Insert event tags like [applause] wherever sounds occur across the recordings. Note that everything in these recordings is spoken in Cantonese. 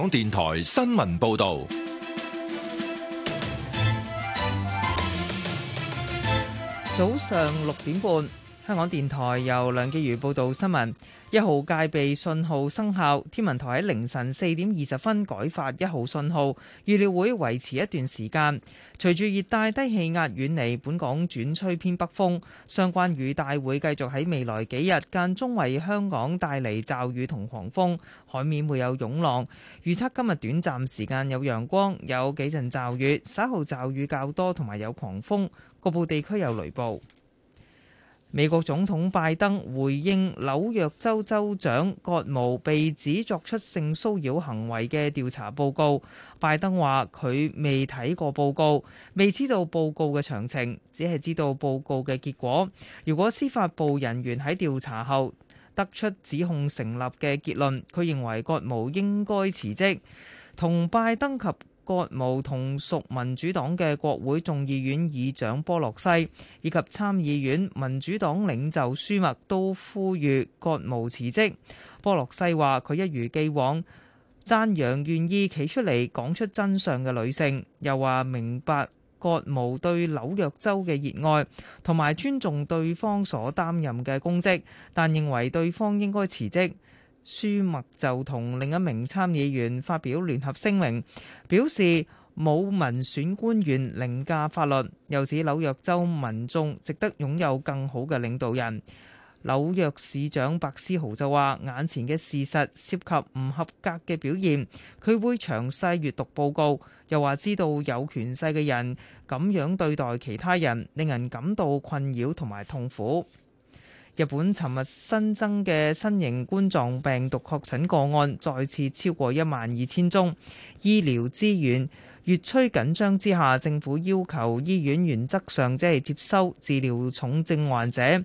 港電台新聞報道，早上六點半。香港電台由梁潔如報道新聞。一號戒備信號生效，天文台喺凌晨四點二十分改發一號信號，預料會維持一段時間。隨住熱帶低氣壓遠離，本港轉吹偏北風，相關雨帶會繼續喺未來幾日間中為香港帶嚟驟雨同狂風，海面會有湧浪。預測今日短暫時間有陽光，有幾陣驟雨，稍後驟雨較多同埋有，有狂風，局部地區有雷暴。美國總統拜登回應紐約州州長葛謨被指作出性騷擾行為嘅調查報告。拜登話佢未睇過報告，未知道報告嘅詳情，只係知道報告嘅結果。如果司法部人員喺調查後得出指控成立嘅結論，佢認為葛謨應該辭職。同拜登及戈姆同屬民主黨嘅國會眾議院議長波洛西以及參議院民主黨領袖舒默都呼籲戈姆辭職。波洛西話：佢一如既往讚揚願意企出嚟講出真相嘅女性，又話明白戈姆對紐約州嘅熱愛，同埋尊重對方所擔任嘅公職，但認為對方應該辭職。舒默就同另一名參議員發表聯合聲明，表示冇民選官員凌駕法律，又指紐約州民眾值得擁有更好嘅領導人。紐約市長白思豪就話：眼前嘅事實涉及唔合格嘅表現，佢會詳細閱讀報告，又話知道有權勢嘅人咁樣對待其他人，令人感到困擾同埋痛苦。日本尋日新增嘅新型冠狀病毒確診個案再次超過一萬二千宗，醫療資源越趨緊張之下，政府要求醫院原則上只係接收治療重症患者。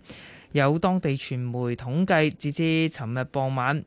有當地傳媒統計，截至尋日傍晚，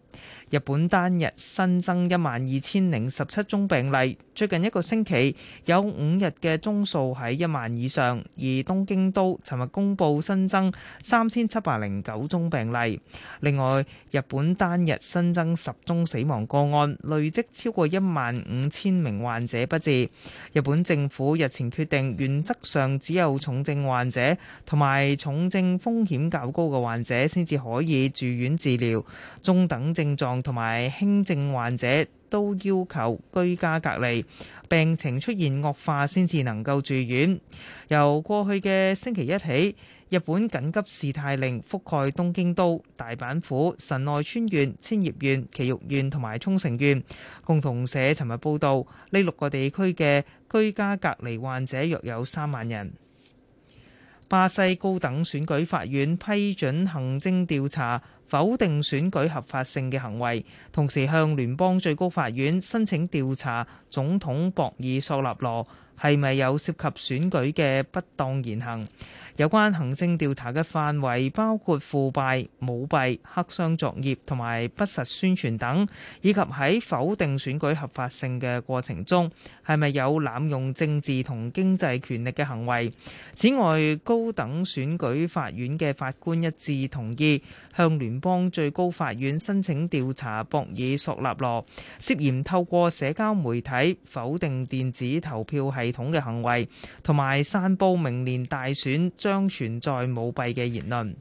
日本單日新增一萬二千零十七宗病例，最近一個星期有五日嘅宗數喺一萬以上。而東京都尋日公布新增三千七百零九宗病例。另外，日本單日新增十宗死亡個案，累積超過一萬五千名患者不治。日本政府日前決定，原則上只有重症患者同埋重症風險較高嘅患者先至可以住院治療，中等症狀。同埋輕症患者都要求居家隔離，病情出現惡化先至能夠住院。由過去嘅星期一起，日本緊急事態令覆蓋東京都、大阪府、神奈川縣、千葉縣、埼玉縣同埋沖繩縣。共同社尋日報道，呢六個地區嘅居家隔離患者約有三萬人。巴西高等選舉法院批准行政調查。否定選舉合法性嘅行為，同時向聯邦最高法院申請調查總統博爾索納羅係咪有涉及選舉嘅不當言行。有關行政調查嘅範圍包括腐敗、舞弊、黑箱作業同埋不實宣傳等，以及喺否定選舉合法性嘅過程中，係咪有濫用政治同經濟權力嘅行為？此外，高等選舉法院嘅法官一致同意向聯邦最高法院申請調查博爾索納羅涉嫌透過社交媒體否定電子投票系統嘅行為，同埋散佈明年大選將存在舞弊嘅言論。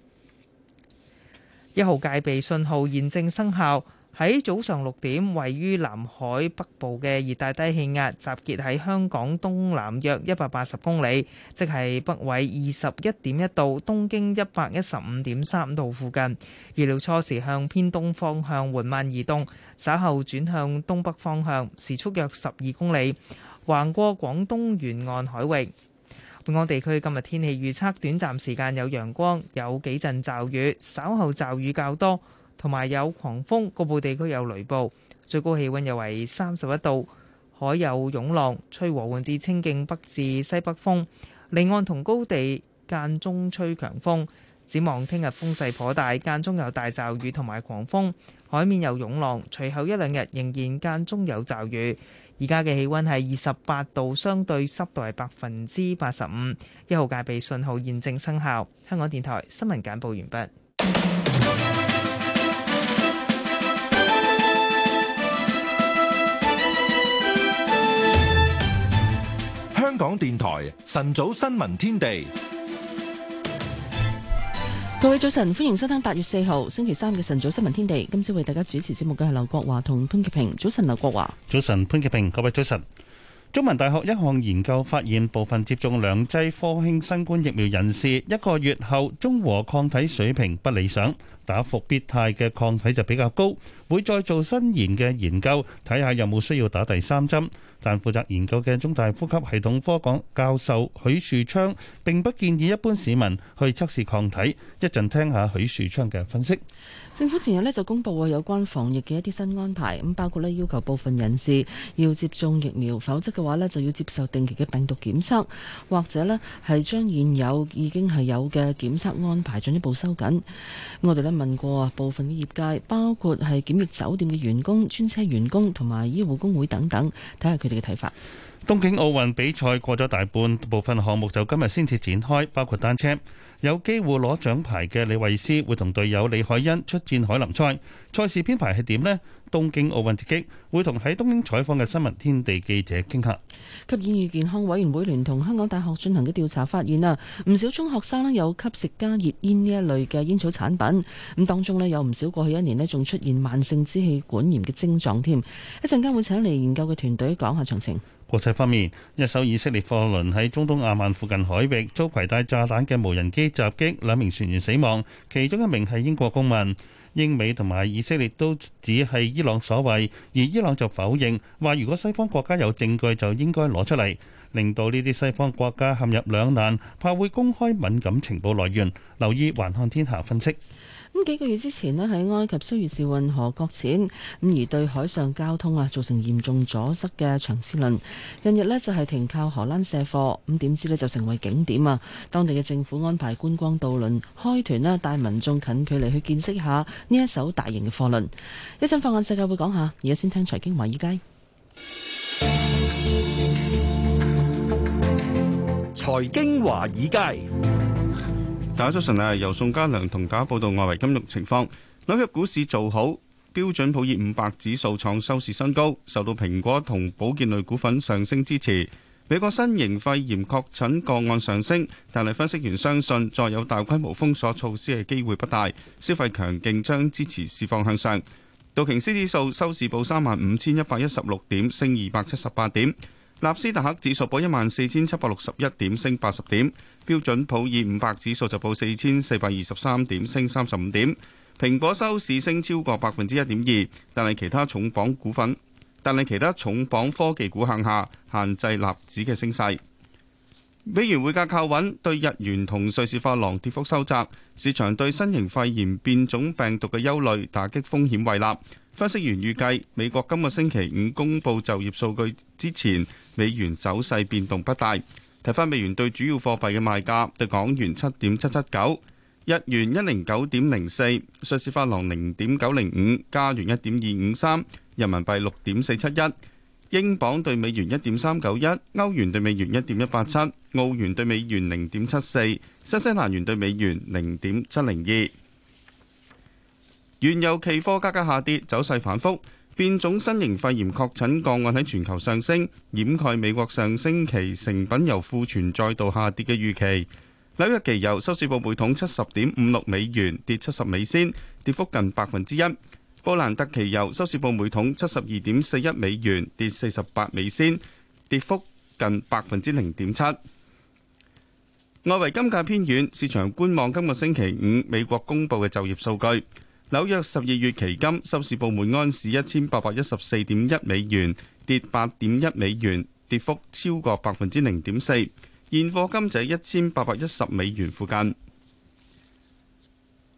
一號戒備信號驗證生效。喺早上六點，位於南海北部嘅熱帶低氣壓集結喺香港東南約一百八十公里，即係北緯二十一點一度、東經一百一十五點三度附近。預料初時向偏東方向緩慢移動，稍後轉向東北方向，時速約十二公里，橫過廣東沿岸海域。本港地區今日天氣預測：短暫時間有陽光，有幾陣驟雨，稍後驟雨較多。同埋有狂風，局部地區有雷暴，最高氣温約為三十一度，海有湧浪，吹和緩至清勁北至西北風，離岸同高地間中吹強風。展望聽日風勢頗大，間中有大驟雨同埋狂風，海面有湧浪。隨後一兩日仍然間中有驟雨。而家嘅氣温係二十八度，相對濕度係百分之八十五，一號戒備信號現正生效。香港電台新聞簡報完畢。香港電台晨早新聞天地，各位早晨，歡迎收聽八月四號星期三嘅晨早新聞天地。今朝為大家主持節目嘅係劉國華同潘潔平。早晨，劉國華，早晨，潘潔平，各位早晨。中文大學一項研究發現，部分接種兩劑科興新冠疫苗人士一個月後中和抗體水平不理想，打復必泰嘅抗體就比較高，會再做新研嘅研究，睇下有冇需要打第三針。但負責研究嘅中大呼吸系統科講教授許樹昌並不建議一般市民去測試抗體。一陣聽下許樹昌嘅分析。政府前日咧就公布啊，有關防疫嘅一啲新安排，咁包括咧要求部分人士要接種疫苗，否則嘅話咧就要接受定期嘅病毒檢測，或者咧係將現有已經係有嘅檢測安排進一步收緊。我哋咧問過啊部分嘅業界，包括係檢疫酒店嘅員工、專車員工同埋醫護工會等等，睇下佢哋嘅睇法。東京奧運比賽過咗大半，部分項目就今日先至展開，包括單車。有機會攞獎牌嘅李慧詩會同隊友李海恩出戰凱林賽。賽事編排係點呢？東京奧運直擊，會同喺東京採訪嘅新聞天地記者傾下。吸煙與健康委員會聯同香港大學進行嘅調查發現啊，唔少中學生咧有吸食加熱煙呢一類嘅煙草產品，咁當中咧有唔少過去一年咧仲出現慢性支氣管炎嘅症狀添。一陣間會請嚟研究嘅團隊講下詳情。國際方面，一艘以色列貨輪喺中東亞曼附近海域遭攜帶炸彈嘅無人機。襲擊，兩名船員死亡，其中一名係英國公民。英美同埋以色列都只係伊朗所為，而伊朗就否認，話如果西方國家有證據就應該攞出嚟，令到呢啲西方國家陷入兩難，怕會公開敏感情報來源。留意環看天下分析。咁幾個月之前咧，喺埃及蘇伊士運河擱淺，咁而對海上交通啊造成嚴重阻塞嘅長賜輪，近日咧就係停靠荷蘭卸貨，咁點知咧就成為景點啊！當地嘅政府安排觀光渡輪開團咧，帶民眾近距離去見識下呢一艘大型嘅貨輪。一陣放眼世界會講下，而家先聽財經華爾街。財經華爾街。打咗晨啊，由宋家良同大家報道外圍金融情況。紐約股市做好，標準普爾五百指數創收市新高，受到蘋果同保健類股份上升支持。美國新型肺炎確診個案上升，但係分析員相信再有大規模封鎖措施嘅機會不大，消費強勁將支持市況向上。道瓊斯指數收市報三萬五千一百一十六點，升二百七十八點。納斯達克指數報一萬四千七百六十一點，升八十點；標準普爾五百指數就報四千四百二十三點，升三十五點。蘋果收市升超過百分之一點二，但係其他重磅股份，但係其他重磅科技股向下，限制納指嘅升勢。美元匯價靠穩，對日元同瑞士法郎跌幅收窄。市場對新型肺炎變種病毒嘅憂慮打擊風險胃納。分析員預計美國今個星期五公布就業數據之前，美元走勢變動不大。睇返美元對主要貨幣嘅賣價，對港元七點七七九，日元一零九點零四，瑞士法郎零點九零五，加元一點二五三，人民幣六點四七一，英鎊對美元一點三九一，歐元對美元一點一八七，澳元對美元零點七四，新西蘭元對美元零點七零二。原油期貨價格下跌，走勢反覆。變種新型肺炎確診個案喺全球上升，掩蓋美國上星期成品油庫存再度下跌嘅預期。紐約期油收市報每桶七十點五六美元，跌七十美仙，跌幅近百分之一。布蘭特期油收市報每桶七十二點四一美元，跌四十八美仙，跌幅近百分之零點七。外圍金價偏軟，市場觀望今個星期五美國公布嘅就業數據。紐約十二月期金收市報每安士一千八百一十四點一美元，跌八點一美元，跌幅超過百分之零點四。現貨金就喺一千八百一十美元附近。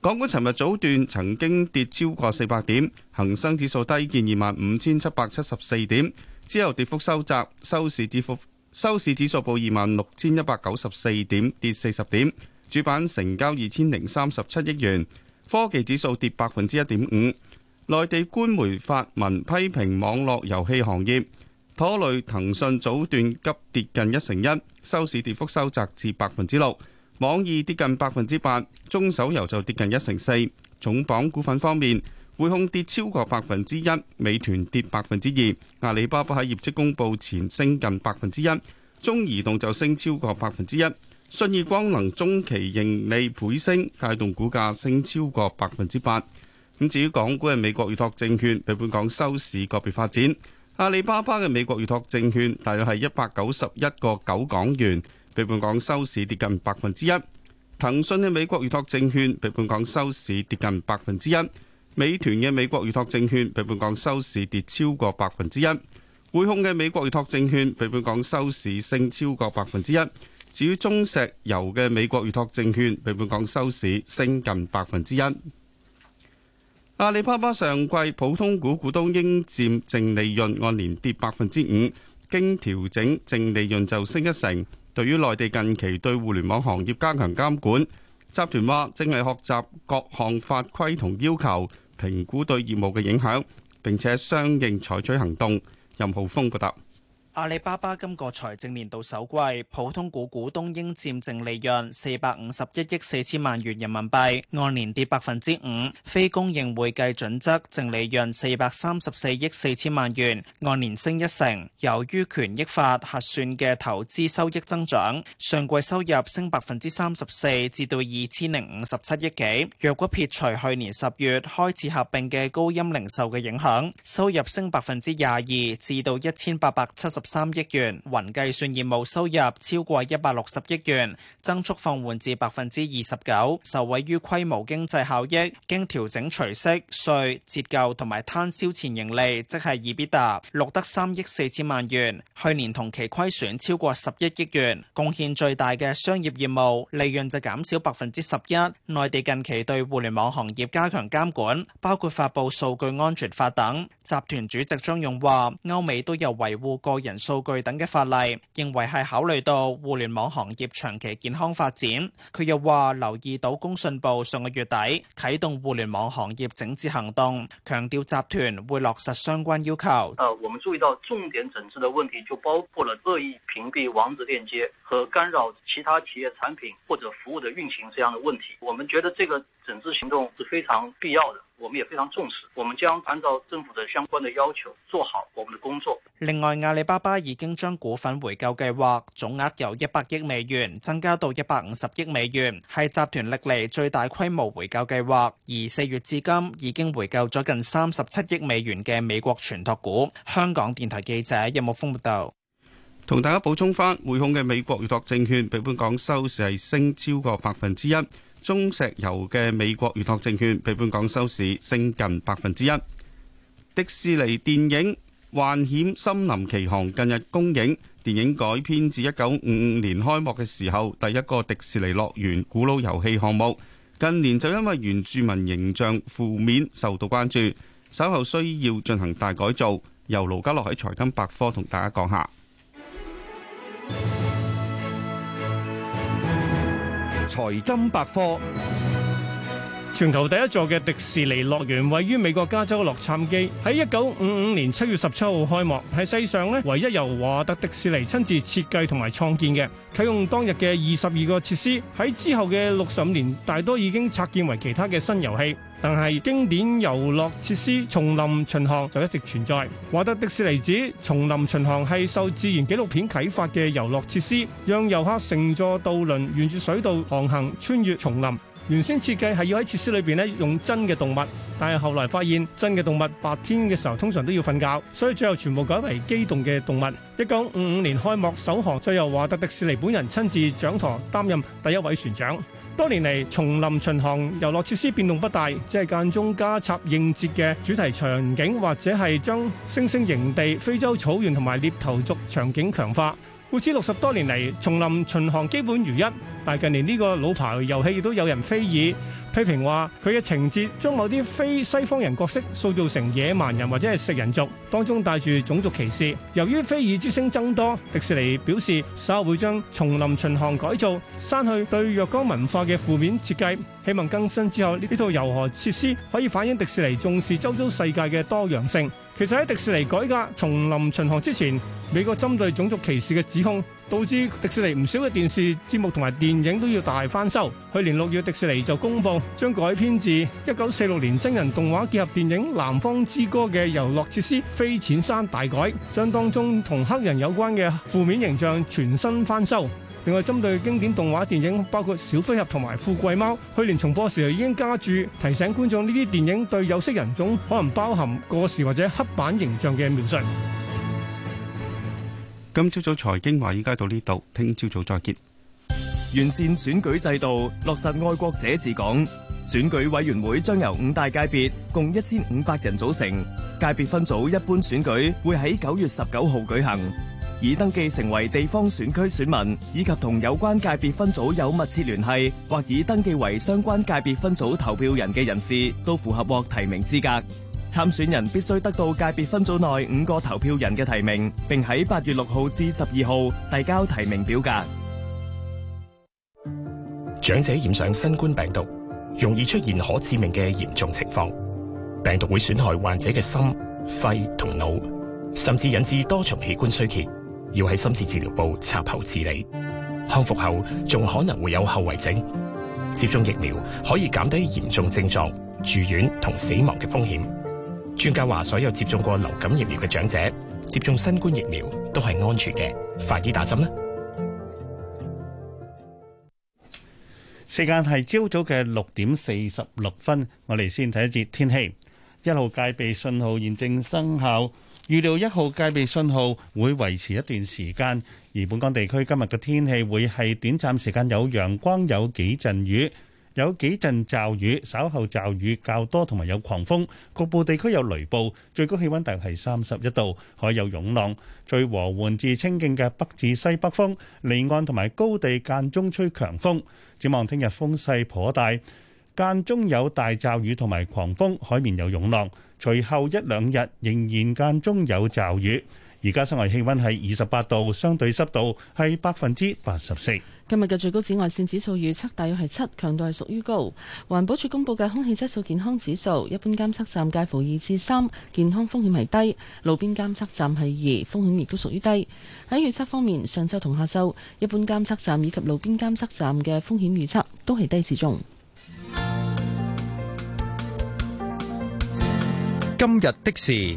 港股尋日早段曾經跌超過四百點，恒生指數低見二萬五千七百七十四點，之後跌幅收窄，收市指數收市指數報二萬六千一百九十四點，跌四十點。主板成交二千零三十七億元。科技指數跌百分之一點五，內地官媒發文批評網絡遊戲行業，拖累騰訊早段急跌近一成一，收市跌幅收窄至百分之六。網易跌近百分之八，中手遊就跌近一成四。重磅股份方面，匯控跌超過百分之一，美團跌百分之二，阿里巴巴喺業績公布前升近百分之一，中移動就升超過百分之一。信義光能中期盈利倍升，帶動股價升超過百分之八。咁至於港股嘅美國預託證券被本港收市個別發展。阿里巴巴嘅美國預託證券大約係一百九十一個九港元，被本港收市跌近百分之一。騰訊嘅美國預託證券被本港收市跌近百分之一。美團嘅美國預託證券被本港收市跌超過百分之一。匯控嘅美國預託證券被本港收市升超過百分之一。至於中石油嘅美國預託證券比本港收市升近百分之一。阿里巴巴上季普通股股東應佔淨，淨，淨利潤按年跌百分之五，經調整淨利潤就升一成。對於內地近期對互聯網行業加強監管，集團話正係學習各項法規同要求，評估對業務嘅影響，並且相應採取行動。任浩峰覺得。阿里巴巴今個財政年度首季普通股股東應佔淨利潤四百五十一億四千萬元人民幣，按年跌百分之五；非公認會計準則淨利潤四百三十四億四千萬元，按年升一成。由於權益法核算嘅投資收益增長，上季收入升百分之三十四，至到二千零五十七億幾。若果撇除去年十月開始合併嘅高鑫零售嘅影響，收入升百分之廿二，至到一千八百七十三億元，雲計算業務收入超過一百六十億元，增速放緩至百分之二十九，受惠於規模經濟效益。經調整除息稅折舊同埋攤銷前盈利，即係二必達，錄得三億四千萬元，去年同期虧損超過十一億元。貢獻最大嘅商業業務利潤就減少百分之十一。內地近期對互聯網行業加強監管，包括發布數據安全法等。集團主席張勇話：歐美都有維護個人。數據等嘅法例，認為係考慮到互聯網行業長期健康發展。佢又話留意到工信部上個月底啟動互聯網行業整治行動，強調集團會落實相關要求。誒，我們注意到重點整治的問題就包括了惡意屏蔽網址鏈接和干擾其他企業產品或者服務的運行這樣的問題。我們覺得這個整治行動是非常必要的。我們也非常重視，我們將按照政府的相關的要求做好我們的工作。另外，阿里巴巴已經將股份回購計劃總額由一百億美元增加到一百五十億美元，係集團歷嚟最大規模回購計劃。而四月至今已經回購咗近三十七億美元嘅美國存託股。香港電台記者任木峰報道，同大家補充翻，匯控嘅美國預託證券，較本港收市係升超過百分之一。中石油嘅美國預託證券被本港收市升近百分之一。迪士尼電影《幻險森林奇航》近日公映，電影改編自一九五五年開幕嘅時候第一個迪士尼樂園古老遊戲項目。近年就因為原住民形象負面受到關注，稍後需要進行大改造。由盧家樂喺財金百科同大家講下。財金百科：全球第一座嘅迪士尼樂園位於美國加州洛杉磯，喺一九五五年七月十七號開幕，係世上咧唯一由華特迪士尼親自設計同埋創建嘅。啟用當日嘅二十二個設施，喺之後嘅六十五年，大多已經拆建為其他嘅新遊戲。但係經典遊樂設施叢林巡航就一直存在。華特迪士尼指叢林巡航係受自然紀錄片啟發嘅遊樂設施，讓遊客乘坐渡輪沿住水道航行，穿越叢林。原先設計係要喺設施裏邊呢用真嘅動物，但係後來發現真嘅動物白天嘅時候通常都要瞓覺，所以最後全部改為機動嘅動物。一九五五年開幕首航，就由華特迪士尼本人親自掌舵擔任第一位船長。多年嚟，叢林巡航遊樂設施變動不大，只係間中加插應節嘅主題場景，或者係將猩猩營地、非洲草原同埋獵頭族場景強化。故此六十多年嚟，叢林巡航基本如一。但近年呢個老牌遊戲亦都有人非議批評話，佢嘅情節將某啲非西方人角色塑造成野蠻人或者係食人族，當中帶住種族歧視。由於非議之聲增多，迪士尼表示稍後會將叢林巡航改造，刪去對若干文化嘅負面設計，希望更新之後呢套遊河設施可以反映迪士尼重視周遭世界嘅多樣性。其實喺迪士尼改革《叢林巡航》之前，美國針對種族歧視嘅指控，導致迪士尼唔少嘅電視節目同埋電影都要大翻修。去年六月，迪士尼就公布將改編自一九四六年真人動畫結合電影《南方之歌》嘅遊樂設施飛濺山大改，將當中同黑人有關嘅負面形象全新翻修。另外，針對經典動畫電影，包括《小飛俠》同埋《富貴貓》，去年重播時已經加注提醒觀眾，呢啲電影對有色人種可能包含過時或者刻板形象嘅描述。今朝早財經華爾街到呢度，聽朝早再見。完善選舉制度，落實愛國者治港。選舉委員會將由五大界別共一千五百人組成，界別分組一般選舉會喺九月十九號舉行。已登記成為地方選區選民，以及同有關界別分組有密切聯繫，或已登記為相關界別分組投票人嘅人士，都符合獲提名資格。參選人必須得到界別分組內五個投票人嘅提名，並喺八月六號至十二號遞交提名表格。長者染上新冠病毒，容易出現可致命嘅嚴重情況，病毒會損害患者嘅心、肺同腦，甚至引致多重器官衰竭。要喺深切治療部插喉治理，康復後仲可能會有後遺症。接種疫苗可以減低嚴重症狀、住院同死亡嘅風險。專家話，所有接種過流感疫苗嘅長者，接種新冠疫苗都係安全嘅。快啲打針啦！時間係朝早嘅六點四十六分，我哋先睇一節天氣。一號戒備信號現正生效。預料一號戒備信號會維持一段時間，而本港地區今日嘅天氣會係短暫時間有陽光，有幾陣雨，有幾陣驟雨，稍後驟雨較多，同埋有狂風，局部地區有雷暴，最高氣温大約係三十一度，海有湧浪，最和緩至清勁嘅北至西北風，離岸同埋高地間中吹強風，展望聽日風勢頗大，間中有大驟雨同埋狂風，海面有湧浪。隨後一兩日仍然間中有驟雨，而家室外氣温係二十八度，相對濕度係百分之八十四。今日嘅最高紫外線指數預測大約係七，強度係屬於高。環保署公布嘅空氣質素健康指數，一般監測站介乎二至三，健康風險係低；路邊監測站係二，風險亦都屬於低。喺預測方面，上晝同下晝，一般監測站以及路邊監測站嘅風險預測都係低至中。今日的事，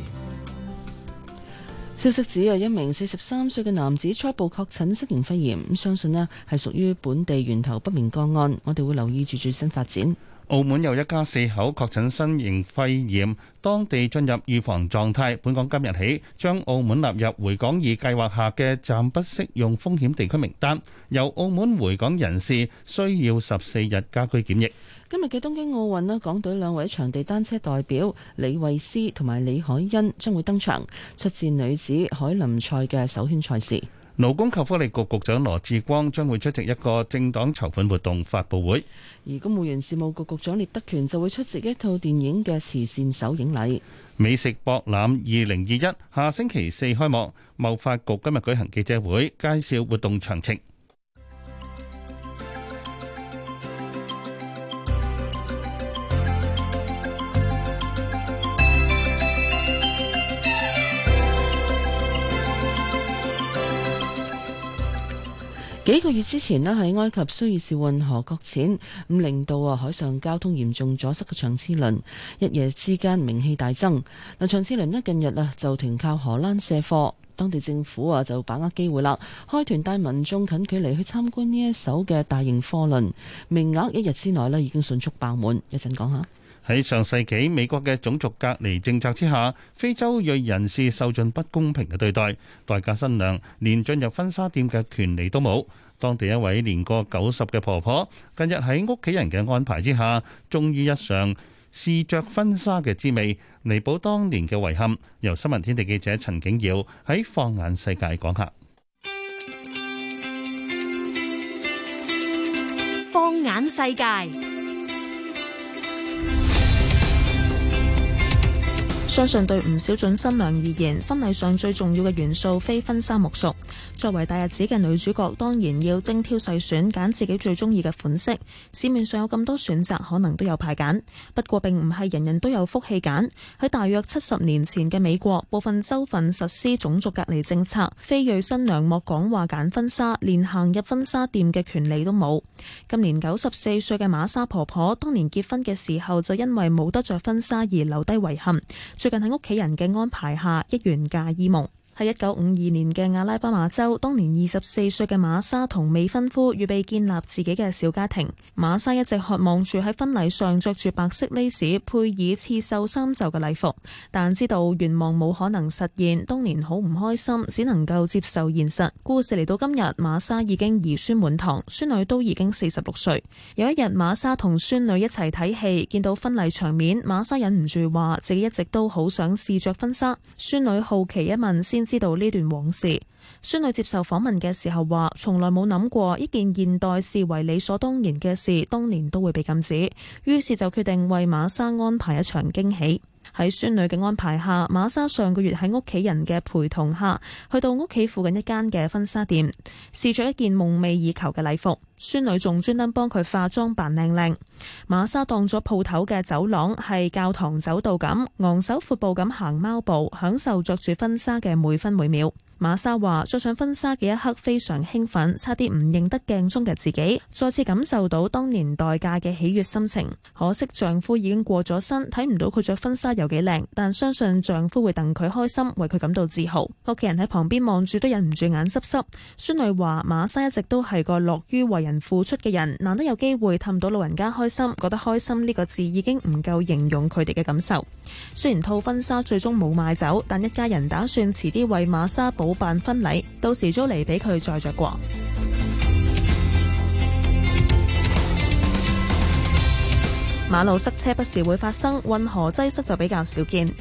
消息指有一名四十三歲嘅男子初步確診新型肺炎，咁相信呢係屬於本地源頭不明個案，我哋會留意住最新發展。澳門又一家四口確診新型肺炎，當地進入預防狀態。本港今日起將澳門納入回港易計劃下嘅暫不適用風險地區名單，由澳門回港人士需要十四日家居檢疫。今日嘅東京奧運咧，港隊兩位場地單車代表李慧詩同埋李海恩將會登場，出戰女子凱林賽嘅首圈賽事。勞工及福利局局長羅致光將會出席一個政黨籌款活動發布會，而公務員事務局局長聶德權就會出席一套電影嘅慈善首映禮。美食博覽二零二一下星期四開幕，貿發局今日舉行記者會介紹活動詳情。幾個月之前咧，喺埃及蘇伊士運河擱淺，咁令到啊海上交通嚴重阻塞嘅長賜輪一夜之間名氣大增。嗱，長賜輪咧近日啊就停靠荷蘭卸貨，當地政府啊就把握機會啦，開團帶民眾近距離去參觀呢一艘嘅大型貨輪，名額一日之內咧已經迅速爆滿。一陣講下。喺上世紀，美國嘅種族隔離政策之下，非洲裔人士受盡不公平嘅對待，待嫁新娘連進入婚紗店嘅權利都冇。當地一位年過九十嘅婆婆，近日喺屋企人嘅安排之下，終於一嘗試着婚紗嘅滋味，彌補當年嘅遺憾。由新聞天地記者陳景耀喺《放眼世界》講下《放眼世界》。相信對唔少準新娘而言，婚禮上最重要嘅元素非婚紗莫屬，作為大日子嘅女主角，當然要精挑細選揀自己最中意嘅款式。市面上有咁多選擇，可能都有排揀，不過並唔係人人都有福氣揀。喺大約七十年前嘅美國部分州份實施種族隔離政策，非裔新娘莫講話揀婚紗，連行入婚紗店嘅權利都冇。今年九十四歲嘅瑪莎婆婆，當年結婚嘅時候就因為冇得着婚紗而留低遺憾。最近喺屋企人嘅安排下，一圓嫁衣夢。喺一九五二年嘅阿拉巴馬州，當年二十四歲嘅瑪莎同未婚夫預備建立自己嘅小家庭。瑪莎一直渴望住喺婚禮上着住白色 lace 配以刺繡三袖嘅禮服，但知道願望冇可能實現，當年好唔開心，只能夠接受現實。故事嚟到今日，瑪莎已經兒孫滿堂，孫女都已經四十六歲。有一日，瑪莎同孫女一齊睇戲，見到婚禮場面，瑪莎忍唔住話自己一直都好想試着婚紗。孫女好奇一問，先知道呢段往事，孫女接受訪問嘅時候話，從來冇諗過一件現代視為理所當然嘅事，當年都會被禁止，於是就決定為瑪莎安排一場驚喜。喺孫女嘅安排下，瑪莎上個月喺屋企人嘅陪同下，去到屋企附近一間嘅婚紗店，試著一件夢寐以求嘅禮服。孫女仲專登幫佢化妝扮靚靚。瑪莎當咗鋪頭嘅走廊係教堂走道咁，昂首闊步咁行貓步，享受着住婚紗嘅每分每秒。瑪莎話着上婚紗嘅一刻非常興奮，差啲唔認得鏡中嘅自己，再次感受到當年代嫁嘅喜悅心情。可惜丈夫已經過咗身，睇唔到佢着婚紗有幾靚，但相信丈夫會戥佢開心，為佢感到自豪。屋企人喺旁邊望住都忍唔住眼濕濕。孫女話瑪莎一直都係個樂於為人付出嘅人，難得有機會氹到老人家開心，覺得開心呢個字已經唔夠形容佢哋嘅感受。雖然套婚紗最終冇買走，但一家人打算遲啲為瑪莎補。辦婚禮，到時租嚟俾佢再着過。馬路塞車不時會發生，運河擠塞就比較少見。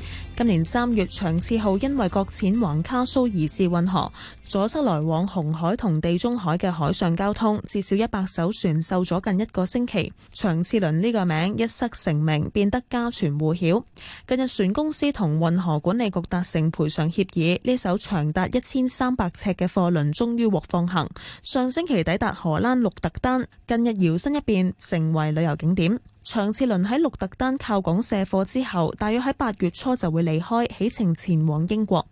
今年三月，長賜號因為擱淺橫卡蘇彝士運河，阻塞來往紅海同地中海嘅海上交通，至少一百艘船受咗近一個星期。長賜輪呢個名一失成名，變得家傳戶曉，近日船公司同運河管理局達成賠償協議，呢艘長達一千三百呎嘅貨輪終於獲放行。上星期抵達荷蘭鹿特丹，近日搖身一變成為旅遊景點。長賜輪喺鹿特丹靠港卸貨之後，大約喺八月初就會離開，起程前往英國。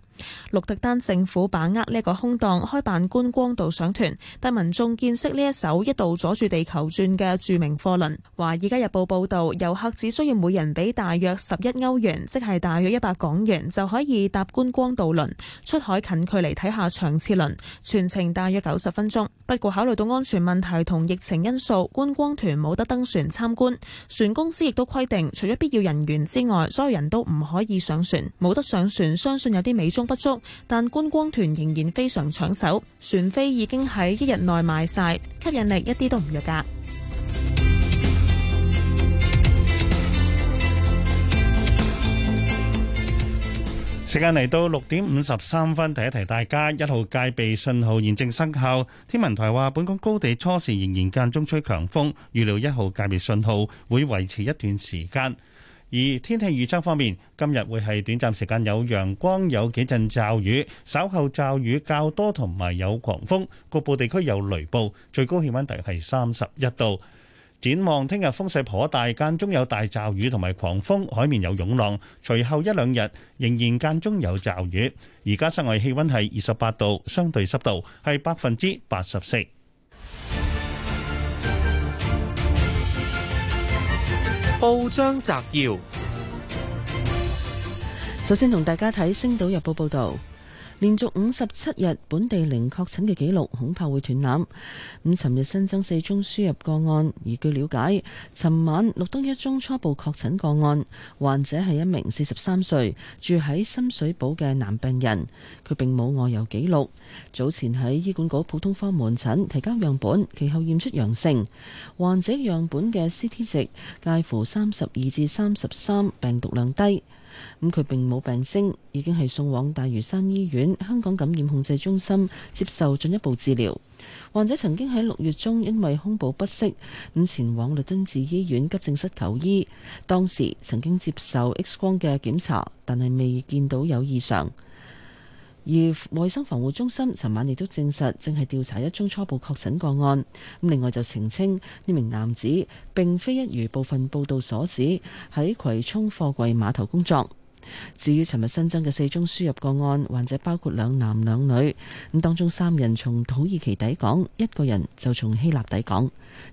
鹿特丹政府把握呢一個空檔，開辦觀光導賞團，帶民眾見識呢一艘一度阻住地球轉嘅著名貨輪。《華爾街日報》報道，遊客只需要每人俾大約十一歐元，即係大約一百港元，就可以搭觀光渡輪出海近距離睇下長賜輪，全程大約九十分鐘。不過，考慮到安全問題同疫情因素，觀光團冇得登船參觀，船公司亦都規定，除咗必要人員之外，所有人都唔可以上船。冇得上船，相信有啲美中。不足，但觀光團仍然非常搶手，船飛已經喺一日內賣晒，吸引力一啲都唔弱㗎。時間嚟到六點五十三分，提一提大家，一號戒備信號現正生效。天文台話，本港高地初時仍然間中吹強風，預料一號戒備信號會維持一段時間。而天氣預測方面，今日會係短暫時間有陽光，有幾陣驟雨，稍後驟雨較多，同埋有狂風，局部地區有雷暴。最高氣溫大約係三十一度。展望聽日風勢頗大，間中有大驟雨同埋狂風，海面有湧浪。隨後一兩日仍然間中有驟雨。而家室外氣溫係二十八度，相對濕度係百分之八十四。報章摘要，首先同大家睇《星島日報》報道。連續五十七日本地零確診嘅紀錄恐怕會斷纜。咁尋日新增四宗輸入個案，而據了解，尋晚錄得一宗初步確診個案，患者係一名四十三歲住喺深水埗嘅男病人，佢並冇外遊紀錄，早前喺醫管局普通科門診提交樣本，其後驗出陽性。患者樣本嘅 C T 值介乎三十二至三十三，33, 病毒量低。咁佢並冇病徵，已經係送往大嶼山醫院香港感染控制中心接受進一步治療。患者曾經喺六月中因為胸部不適，咁前往律敦治醫院急症室求醫，當時曾經接受 X 光嘅檢查，但係未見到有異常。而衞生防護中心尋晚亦都證實，正係調查一宗初步確診個案。咁另外就澄清，呢名男子並非一如部分報道所指喺葵涌貨櫃碼頭工作。至於尋日新增嘅四宗輸入個案，患者包括兩男兩女。咁當中三人從土耳其抵港，一個人就從希臘抵港。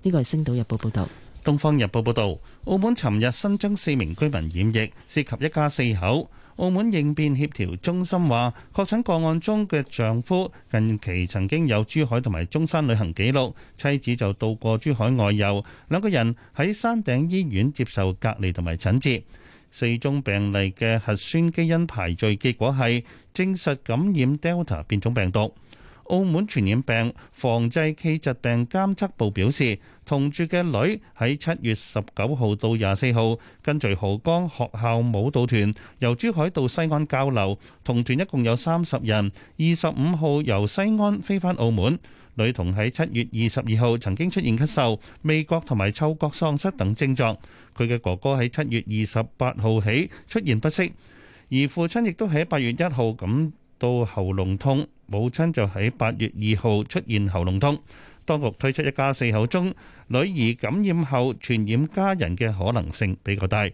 呢個係《星島日報》報導，《東方日報》報導，澳門尋日新增四名居民染疫，涉及一家四口。澳門應變協調中心話，確診個案中嘅丈夫近期曾經有珠海同埋中山旅行記錄，妻子就到過珠海外遊，兩個人喺山頂醫院接受隔離同埋診治。四宗病例嘅核酸基因排序結果係證實感染 Delta 變種病毒。澳門傳染病防制暨疾病監測部表示，同住嘅女喺七月十九號到廿四號跟隨濠江學校舞蹈團由珠海到西安交流，同團一共有三十人。二十五號由西安飛返澳門，女童喺七月二十二號曾經出現咳嗽、味覺同埋嗅覺喪失等症狀。佢嘅哥哥喺七月二十八號起出現不適，而父親亦都喺八月一號咁到喉嚨痛，母親就喺八月二號出現喉嚨痛。當局推出一家四口中，女兒感染後傳染家人嘅可能性比較大。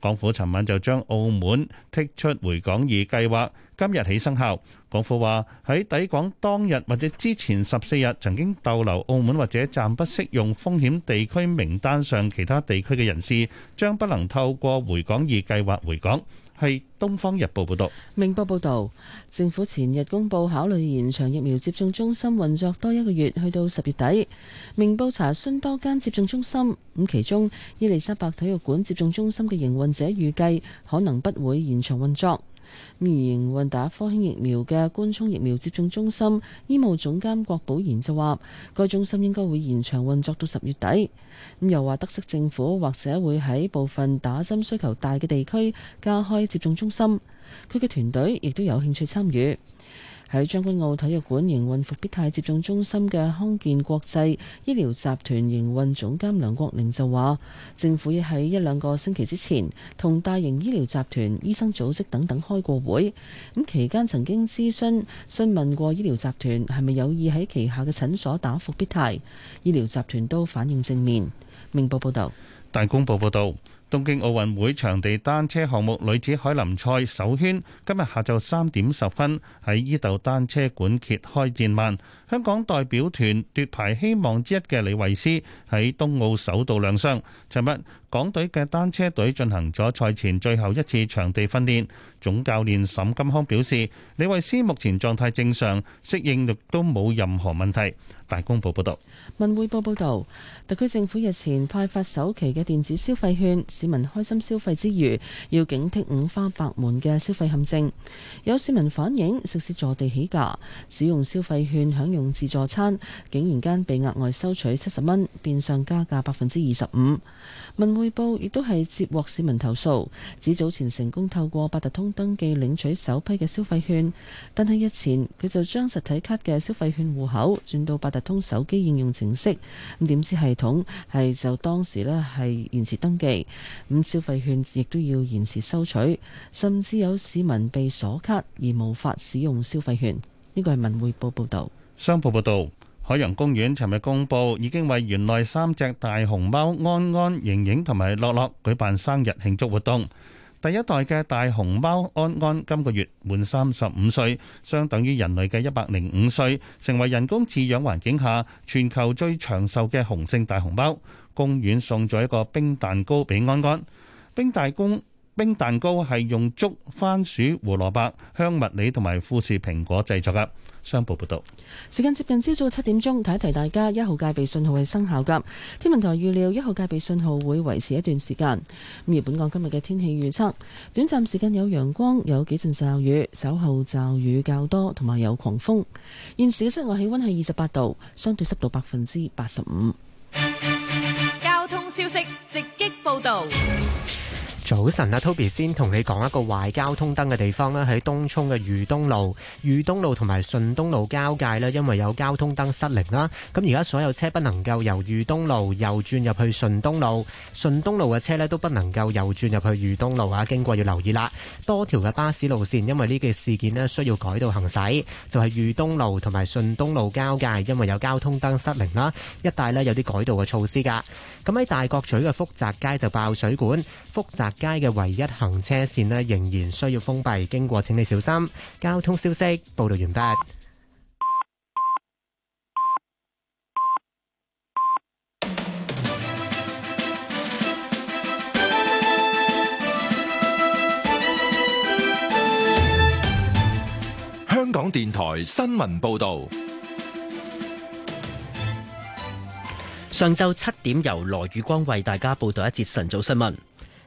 港府尋晚就將澳門剔出回港易計劃，今日起生效。港府話喺抵港當日或者之前十四日曾經逗留澳門或者暫不適用風險地區名單上其他地區嘅人士，將不能透過回港易計劃回港。係《東方日報》報道，明報報道，政府前日公布考慮延長疫苗接種中心運作多一個月，去到十月底。明報查詢多間接種中心，咁其中伊麗莎白體育館接種中心嘅營運者預計可能不會延長運作。而營運打科興疫苗嘅官涌疫苗接種中心醫務總監郭寶賢就話，該中心應該會延長運作到十月底。咁又話，得悉政府或者會喺部分打針需求大嘅地區加開接種中心，佢嘅團隊亦都有興趣參與。喺將軍澳體育館營運復必泰接種中心嘅康健國際醫療集團營運總監梁國寧就話，政府亦喺一兩個星期之前同大型醫療集團、醫生組織等等開過會，咁期間曾經諮詢、詢問過醫療集團係咪有意喺旗下嘅診所打復必泰，醫療集團都反應正面。明報報道，大公報報道。東京奧運會場地單車項目女子凱林賽首圈，今日下晝三點十分喺伊豆單車館揭開戰幕。香港代表團奪牌希望之一嘅李慧詩喺東奧首度亮相。尋日，港隊嘅單車隊進行咗賽前最後一次場地訓練。總教練沈金康表示，李慧詩目前狀態正常，適應力都冇任何問題。大公報報導。文匯報報導，特區政府日前派發首期嘅電子消費券，市民開心消費之餘，要警惕五花八門嘅消費陷阱。有市民反映，食肆坐地起價，使用消費券享。用自助餐，竟然間被額外收取七十蚊，變相加價百分之二十五。文匯報亦都係接獲市民投訴，指早前成功透過八達通登記領取首批嘅消費券，但喺日前佢就將實體卡嘅消費券戶口轉到八達通手機應用程式，咁點知系統係就當時咧，係延遲登記，咁消費券亦都要延遲收取，甚至有市民被鎖卡而無法使用消費券。呢個係文匯報報道。商報報道，海洋公園尋日公布，已經為園內三隻大熊貓安安、盈盈同埋樂樂舉辦生日慶祝活動。第一代嘅大熊貓安安今個月滿三十五歲，相等於人類嘅一百零五歲，成為人工飼養環境下全球最長壽嘅雄性大熊貓。公園送咗一個冰蛋糕俾安安，冰大公。冰蛋糕係用竹番薯、胡蘿蔔、香蜜梨同埋富士蘋果製作噶。商報報道，時間接近朝早七點鐘，提一提大家一號戒備信號係生效噶。天文台預料一號戒備信號會維持一段時間。而本港今日嘅天氣預測，短暫時間有陽光，有幾陣驟雨，稍後驟雨較多，同埋有狂風。現時室外氣温係二十八度，相對濕度百分之八十五。交通消息直擊報道。早晨啊，Toby 先同你講一個壞交通燈嘅地方啦。喺東涌嘅裕東路、裕東路同埋順東路交界咧，因為有交通燈失靈啦。咁而家所有車不能夠由裕東路右轉入去順東路，順東路嘅車呢都不能夠右轉入去裕東路啊。經過要留意啦。多條嘅巴士路線因為呢個事件呢需要改道行駛，就係裕東路同埋順東路交界，因為有交通燈失靈啦，一帶呢有啲改道嘅措施噶。咁喺大角咀嘅福澤街就爆水管。福澤街嘅唯一行車線呢，仍然需要封閉，經過，請你小心。交通消息報道完畢。香港電台新聞報道。上晝七點，由羅宇光為大家報道一節晨早新聞。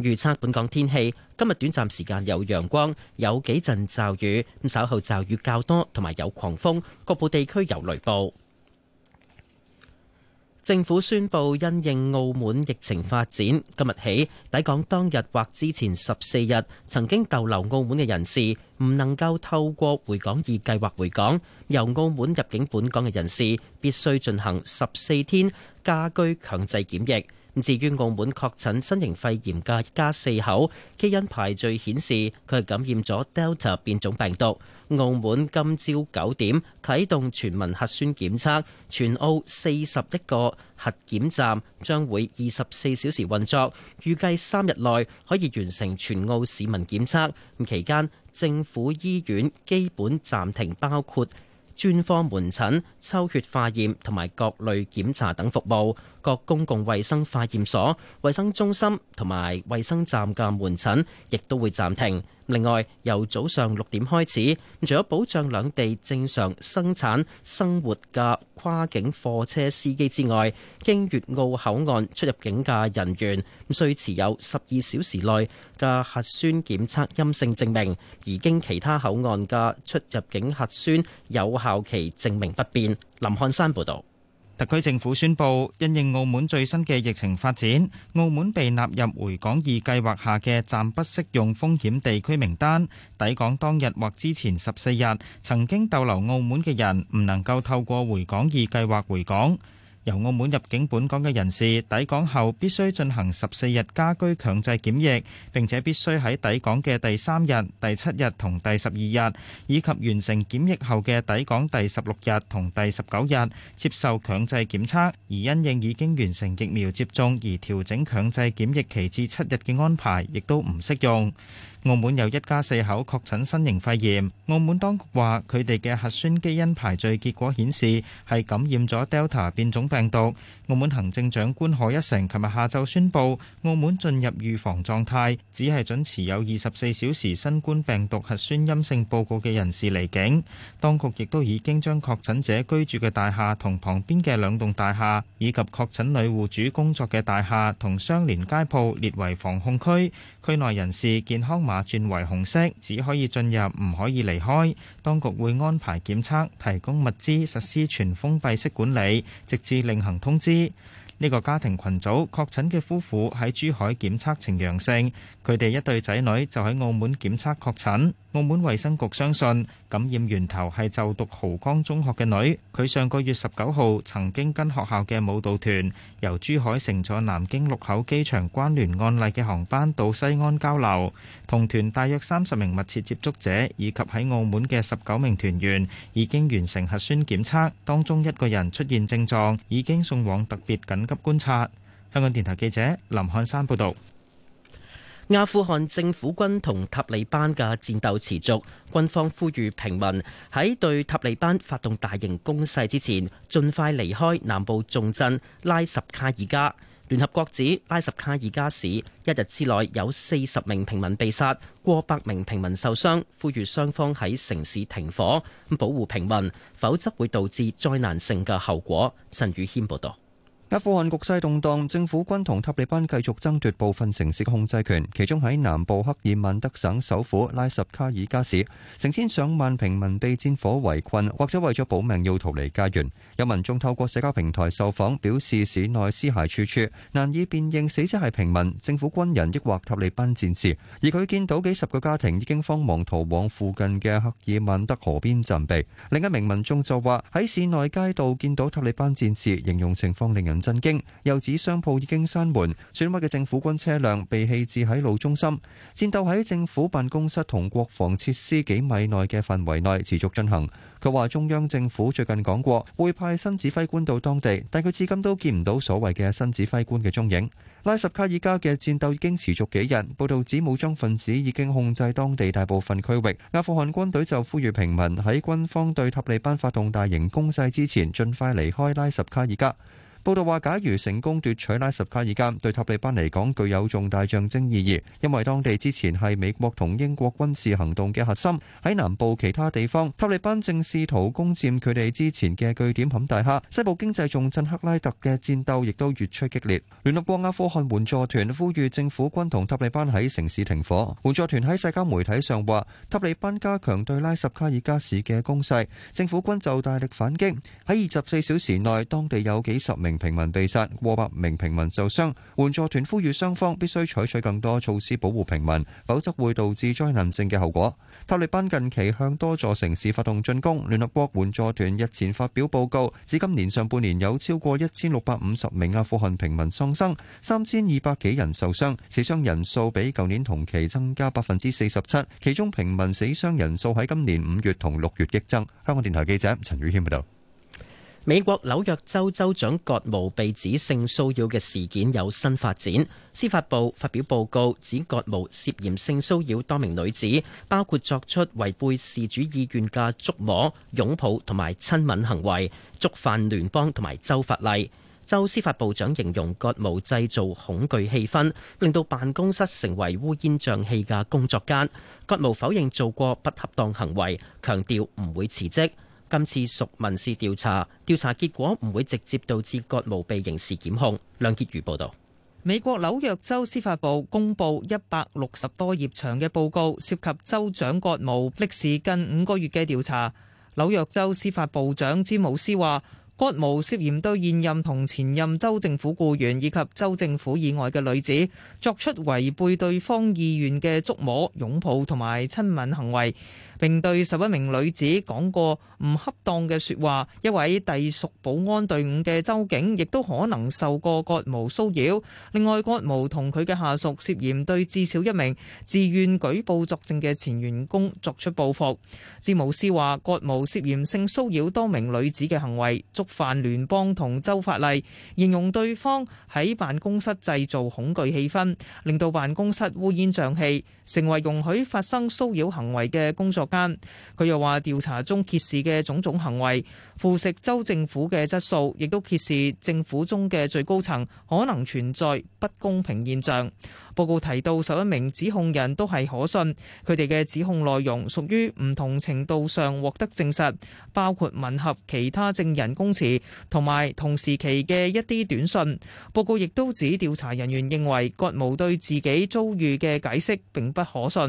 預測本港天氣，今日短暫時間有陽光，有幾陣驟雨，咁稍後驟雨較多，同埋有狂風，局部地區有雷暴。政府宣布因應澳門疫情發展，今日起抵港當日或之前十四日曾經逗留澳門嘅人士，唔能夠透過回港易計劃回港，由澳門入境本港嘅人士必須進行十四天家居強制檢疫。至於澳門確診新型肺炎嘅一家四口，基因排序顯示佢係感染咗 Delta 變種病毒。澳門今朝九點啟動全民核酸檢測，全澳四十一個核檢站將會二十四小時運作，預計三日內可以完成全澳市民檢測。咁期間，政府醫院基本暫停，包括專科門診、抽血化驗同埋各類檢查等服務，各公共衛生化驗所、衛生中心同埋衛生站嘅門診亦都會暫停。另外，由早上六點開始，除咗保障兩地正常生產生活嘅跨境貨車司機之外，經粵澳口岸出入境嘅人員，需持有十二小時內嘅核酸檢測陰性證明，而經其他口岸嘅出入境核酸有效期證明不變。林漢山報導。特區政府宣布，因應澳門最新嘅疫情發展，澳門被納入回港易計劃下嘅暫不適用風險地區名單。抵港當日或之前十四日曾經逗留澳門嘅人，唔能夠透過回港易計劃回港。由澳門入境本港嘅人士抵港後必須進行十四日家居強制檢疫，並且必須喺抵港嘅第三日、第七日同第十二日，以及完成檢疫後嘅抵港第十六日同第十九日接受強制檢測，而因應已經完成疫苗接種而調整強制檢疫期至七日嘅安排，亦都唔適用。澳門有一家四口確診新型肺炎，澳門當局話佢哋嘅核酸基因排序結果顯示係感染咗 Delta 變種病毒。澳門行政長官賀一誠琴日下晝宣布，澳門進入預防狀態，只係准持有二十四小時新冠病毒核酸陰性報告嘅人士離境。當局亦都已經將確診者居住嘅大廈同旁邊嘅兩棟大廈，以及確診女戶主工作嘅大廈同相連街鋪列為防控區，區內人士健康碼轉為紅色，只可以進入，唔可以離開。當局會安排檢測，提供物資，實施全封閉式管理，直至另行通知。呢個家庭群組確診嘅夫婦喺珠海檢測呈陽性，佢哋一對仔女就喺澳門檢測確診。澳門衛生局相信，感染源頭係就讀濠江中學嘅女，佢上個月十九號曾經跟學校嘅舞蹈團由珠海乘坐南京祿口機場關聯案例嘅航班到西安交流，同團大約三十名密切接觸者以及喺澳門嘅十九名團員已經完成核酸檢測，當中一個人出現症狀，已經送往特別緊急觀察。香港電台記者林漢山報道。阿富汗政府軍同塔利班嘅戰鬥持續，軍方呼籲平民喺對塔利班發動大型攻勢之前，盡快離開南部重鎮拉什卡爾加。聯合國指拉什卡爾加市一日之內有四十名平民被殺，過百名平民受傷，呼籲雙方喺城市停火，保護平民，否則會導致災難性嘅後果。陳宇軒報道。阿富汗局勢動盪，政府軍同塔利班繼續爭奪部分城市嘅控制權。其中喺南部赫爾曼德省首府拉什卡爾加市，成千上萬平民被戰火圍困，或者為咗保命要逃離家園。有民眾透過社交平台受訪，表示市內屍骸處處，難以辨認死者係平民、政府軍人抑或塔利班戰士。而佢見到幾十個家庭已經慌忙逃往附近嘅赫爾曼德河邊陣備。另一名民眾就話喺市內街道見到塔利班戰士，形容情況令人震驚又指商鋪已經閂門，損毀嘅政府軍車輛被棄置喺路中心。戰鬥喺政府辦公室同國防設施幾米內嘅範圍內持續進行。佢話中央政府最近講過會派新指揮官到當地，但佢至今都見唔到所謂嘅新指揮官嘅蹤影。拉什卡爾加嘅戰鬥已經持續幾日，報道指武裝分子已經控制當地大部分區域。阿富汗軍隊就呼籲平民喺軍方對塔利班發動大型攻勢之前，盡快離開拉什卡爾加。報道話，假如成功奪取拉什卡爾加，對塔利班嚟講具有重大象徵意義，因為當地之前係美國同英國軍事行動嘅核心。喺南部其他地方，塔利班正試圖攻佔佢哋之前嘅據點坎大哈。西部經濟重鎮克拉特嘅戰鬥亦都越趨激烈。聯合國阿富汗援助團呼籲政府軍同塔利班喺城市停火。援助團喺社交媒體上話，塔利班加強對拉什卡爾加市嘅攻勢，政府軍就大力反擊。喺二十四小時內，當地有幾十名平民被殺，過百名平民受傷。援助團呼籲雙方必須採取更多措施保護平民，否則會導致災難性嘅後果。塔利班近期向多座城市發動進攻，聯合國援助團日前發表報告，指今年上半年有超過一千六百五十名阿富汗平民喪生，三千二百幾人受傷，死傷人數比舊年同期增加百分之四十七，其中平民死傷人數喺今年五月同六月激增。香港電台記者陳宇謙報道。美國紐約州州長葛姆被指性騷擾嘅事件有新發展，司法部發表報告指葛姆涉嫌性騷擾多名女子，包括作出違背事主意願嘅觸摸、擁抱同埋親吻行為，觸犯聯邦同埋州法例。州司法部長形容葛姆製造恐懼氣氛，令到辦公室成為烏煙瘴氣嘅工作間。葛姆否認做過不恰當行為，強調唔會辭職。今次屬民事調查，調查結果唔會直接導致葛慕被刑事檢控。梁潔如報導，美國紐約州司法部公布一百六十多頁長嘅報告，涉及州長葛慕歷時近五個月嘅調查。紐約州司法部長詹姆斯話：葛慕涉嫌對現任同前任州政府雇員以及州政府以外嘅女子作出違背對方意願嘅觸摸、擁抱同埋親吻行為。並對十一名女子講過唔恰當嘅說話，一位隸屬保安隊伍嘅州警亦都可能受過割毛騷擾，另外，割毛同佢嘅下屬涉嫌對至少一名自願舉報作證嘅前員工作出報復。詹姆斯話割毛涉嫌性騷擾多名女子嘅行為觸犯聯邦同州法例，形容對方喺辦公室製造恐懼氣氛，令到辦公室烏煙瘴氣，成為容許發生騷擾行為嘅工作。佢又話：調查中揭示嘅種種行為，腐蝕州政府嘅質素，亦都揭示政府中嘅最高層可能存在不公平現象。報告提到，十一名指控人都係可信，佢哋嘅指控內容屬於唔同程度上獲得證實，包括吻合其他證人供詞，同埋同時期嘅一啲短信。報告亦都指調查人員認為葛無對自己遭遇嘅解釋並不可信，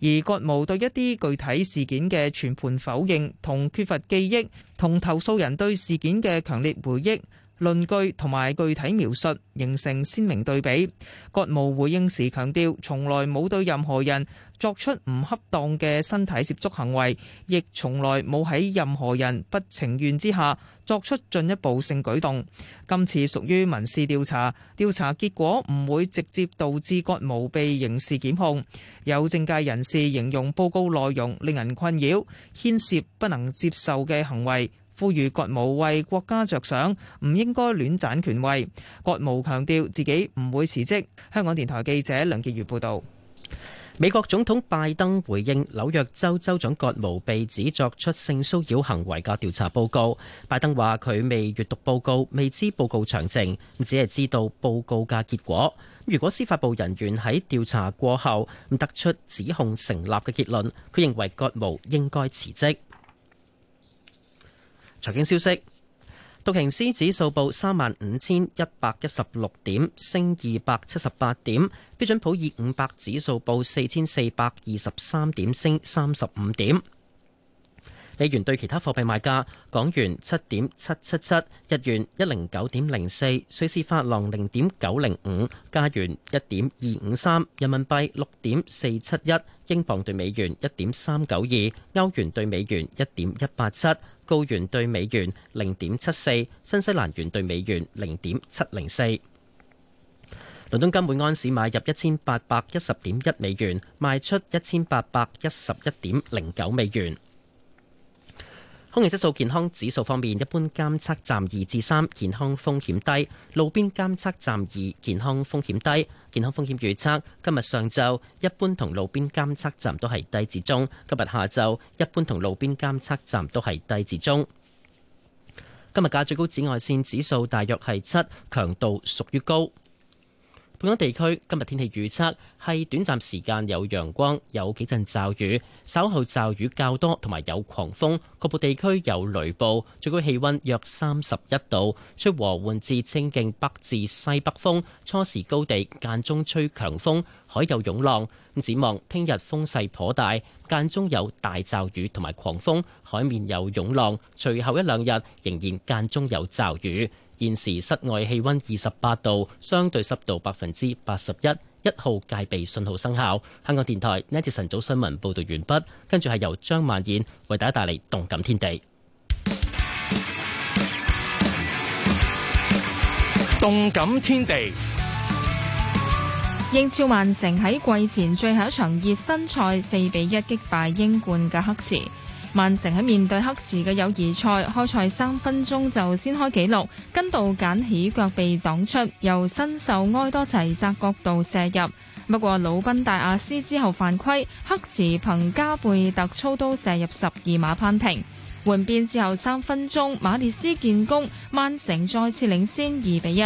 而葛無對一啲具體事件嘅全盤否認同缺乏記憶，同投訴人對事件嘅強烈回憶。論據同埋具體描述形成鮮明對比。葛慕回應時強調，從來冇對任何人作出唔恰當嘅身體接觸行為，亦從來冇喺任何人不情願之下作出進一步性舉動。今次屬於民事調查，調查結果唔會直接導致葛慕被刑事檢控。有政界人士形容報告內容令人困擾，牽涉不能接受嘅行為。呼籲葛謨為國家着想，唔應該戀棧權位。葛謨強調自己唔會辭職。香港電台記者梁潔如報道。美國總統拜登回應紐約州州州長葛謨被指作出性騷擾行為嘅調查報告。拜登話佢未閱讀報告，未知報告詳情，只係知道報告嘅結果。如果司法部人員喺調查過後得出指控成立嘅結論，佢認為葛謨應該辭職。財經消息：道瓊斯指數報三萬五千一百一十六點，升二百七十八點；標準普爾五百指數報四千四百二十三點，升三十五點。美元對其他貨幣賣價：港元七點七七七，日元一零九點零四，瑞士法郎零點九零五，加元一點二五三，人民幣六點四七一，英鎊對美元一點三九二，歐元對美元一點一八七。澳元兌美元零點七四，新西蘭元兌美元零點七零四。倫敦金每安士買入一千八百一十點一美元，賣出一千八百一十一點零九美元。空氣質素健康指數方面，一般監測站二至三，健康風險低；路邊監測站二，健康風險低。健康風險預測：今日上晝一般同路邊監測站都係低至中；今日下晝一般同路邊監測站都係低至中。今日嘅最高紫外線指數大約係七，強度屬於高。本港地區今日天氣預測係短暫時間有陽光，有幾陣驟雨，稍後驟雨較多，同埋有狂風。局部地區有雷暴，最高氣溫約三十一度，吹和緩至清勁北至西北風，初時高地間中吹強風，海有湧浪。咁展望聽日風勢頗大，間中有大驟雨同埋狂風，海面有湧浪。隨後一兩日仍然間中有驟雨。現時室外氣溫二十八度，相對濕度百分之八十一，一號戒備信號生效。香港電台呢節晨早新聞報道完畢，跟住係由張曼燕為大家帶嚟動感天地。動感天地，英超曼城喺季前最後一場熱身賽四比一擊敗英冠嘅黑池。曼城喺面對黑池嘅友誼賽，開賽三分鐘就先開紀錄，根杜簡起腳被擋出，由新秀埃多齊窄角度射入。不過魯賓大阿斯之後犯規，黑池憑加貝特操刀射入十二碼扳平。換邊之後三分鐘，馬列斯建功，曼城再次領先二比一。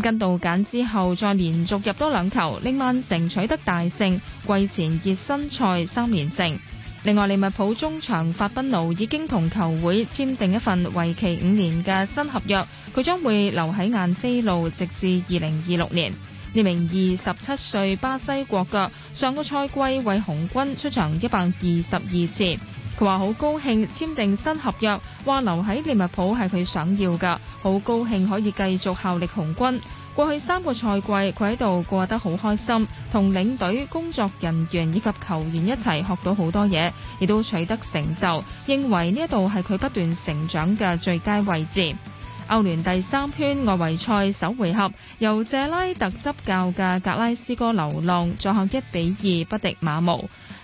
根杜簡之後再連續入多兩球，令曼城取得大勝，季前熱身賽三連勝。另外，利物浦中場法賓奴已經同球會簽訂一份為期五年嘅新合約，佢將會留喺晏飛路直至二零二六年。呢名二十七歲巴西國腳上個賽季為紅軍出場一百二十二次。佢話好高興簽訂新合約，話留喺利物浦係佢想要嘅，好高興可以繼續效力紅軍。過去三個賽季，佢喺度過得好開心，同領隊、工作人員以及球員一齊學到好多嘢，亦都取得成就。認為呢一度係佢不斷成長嘅最佳位置。歐聯第三圈外圍賽首回合，由謝拉特執教嘅格拉斯哥流浪作客一比二不敵馬毛。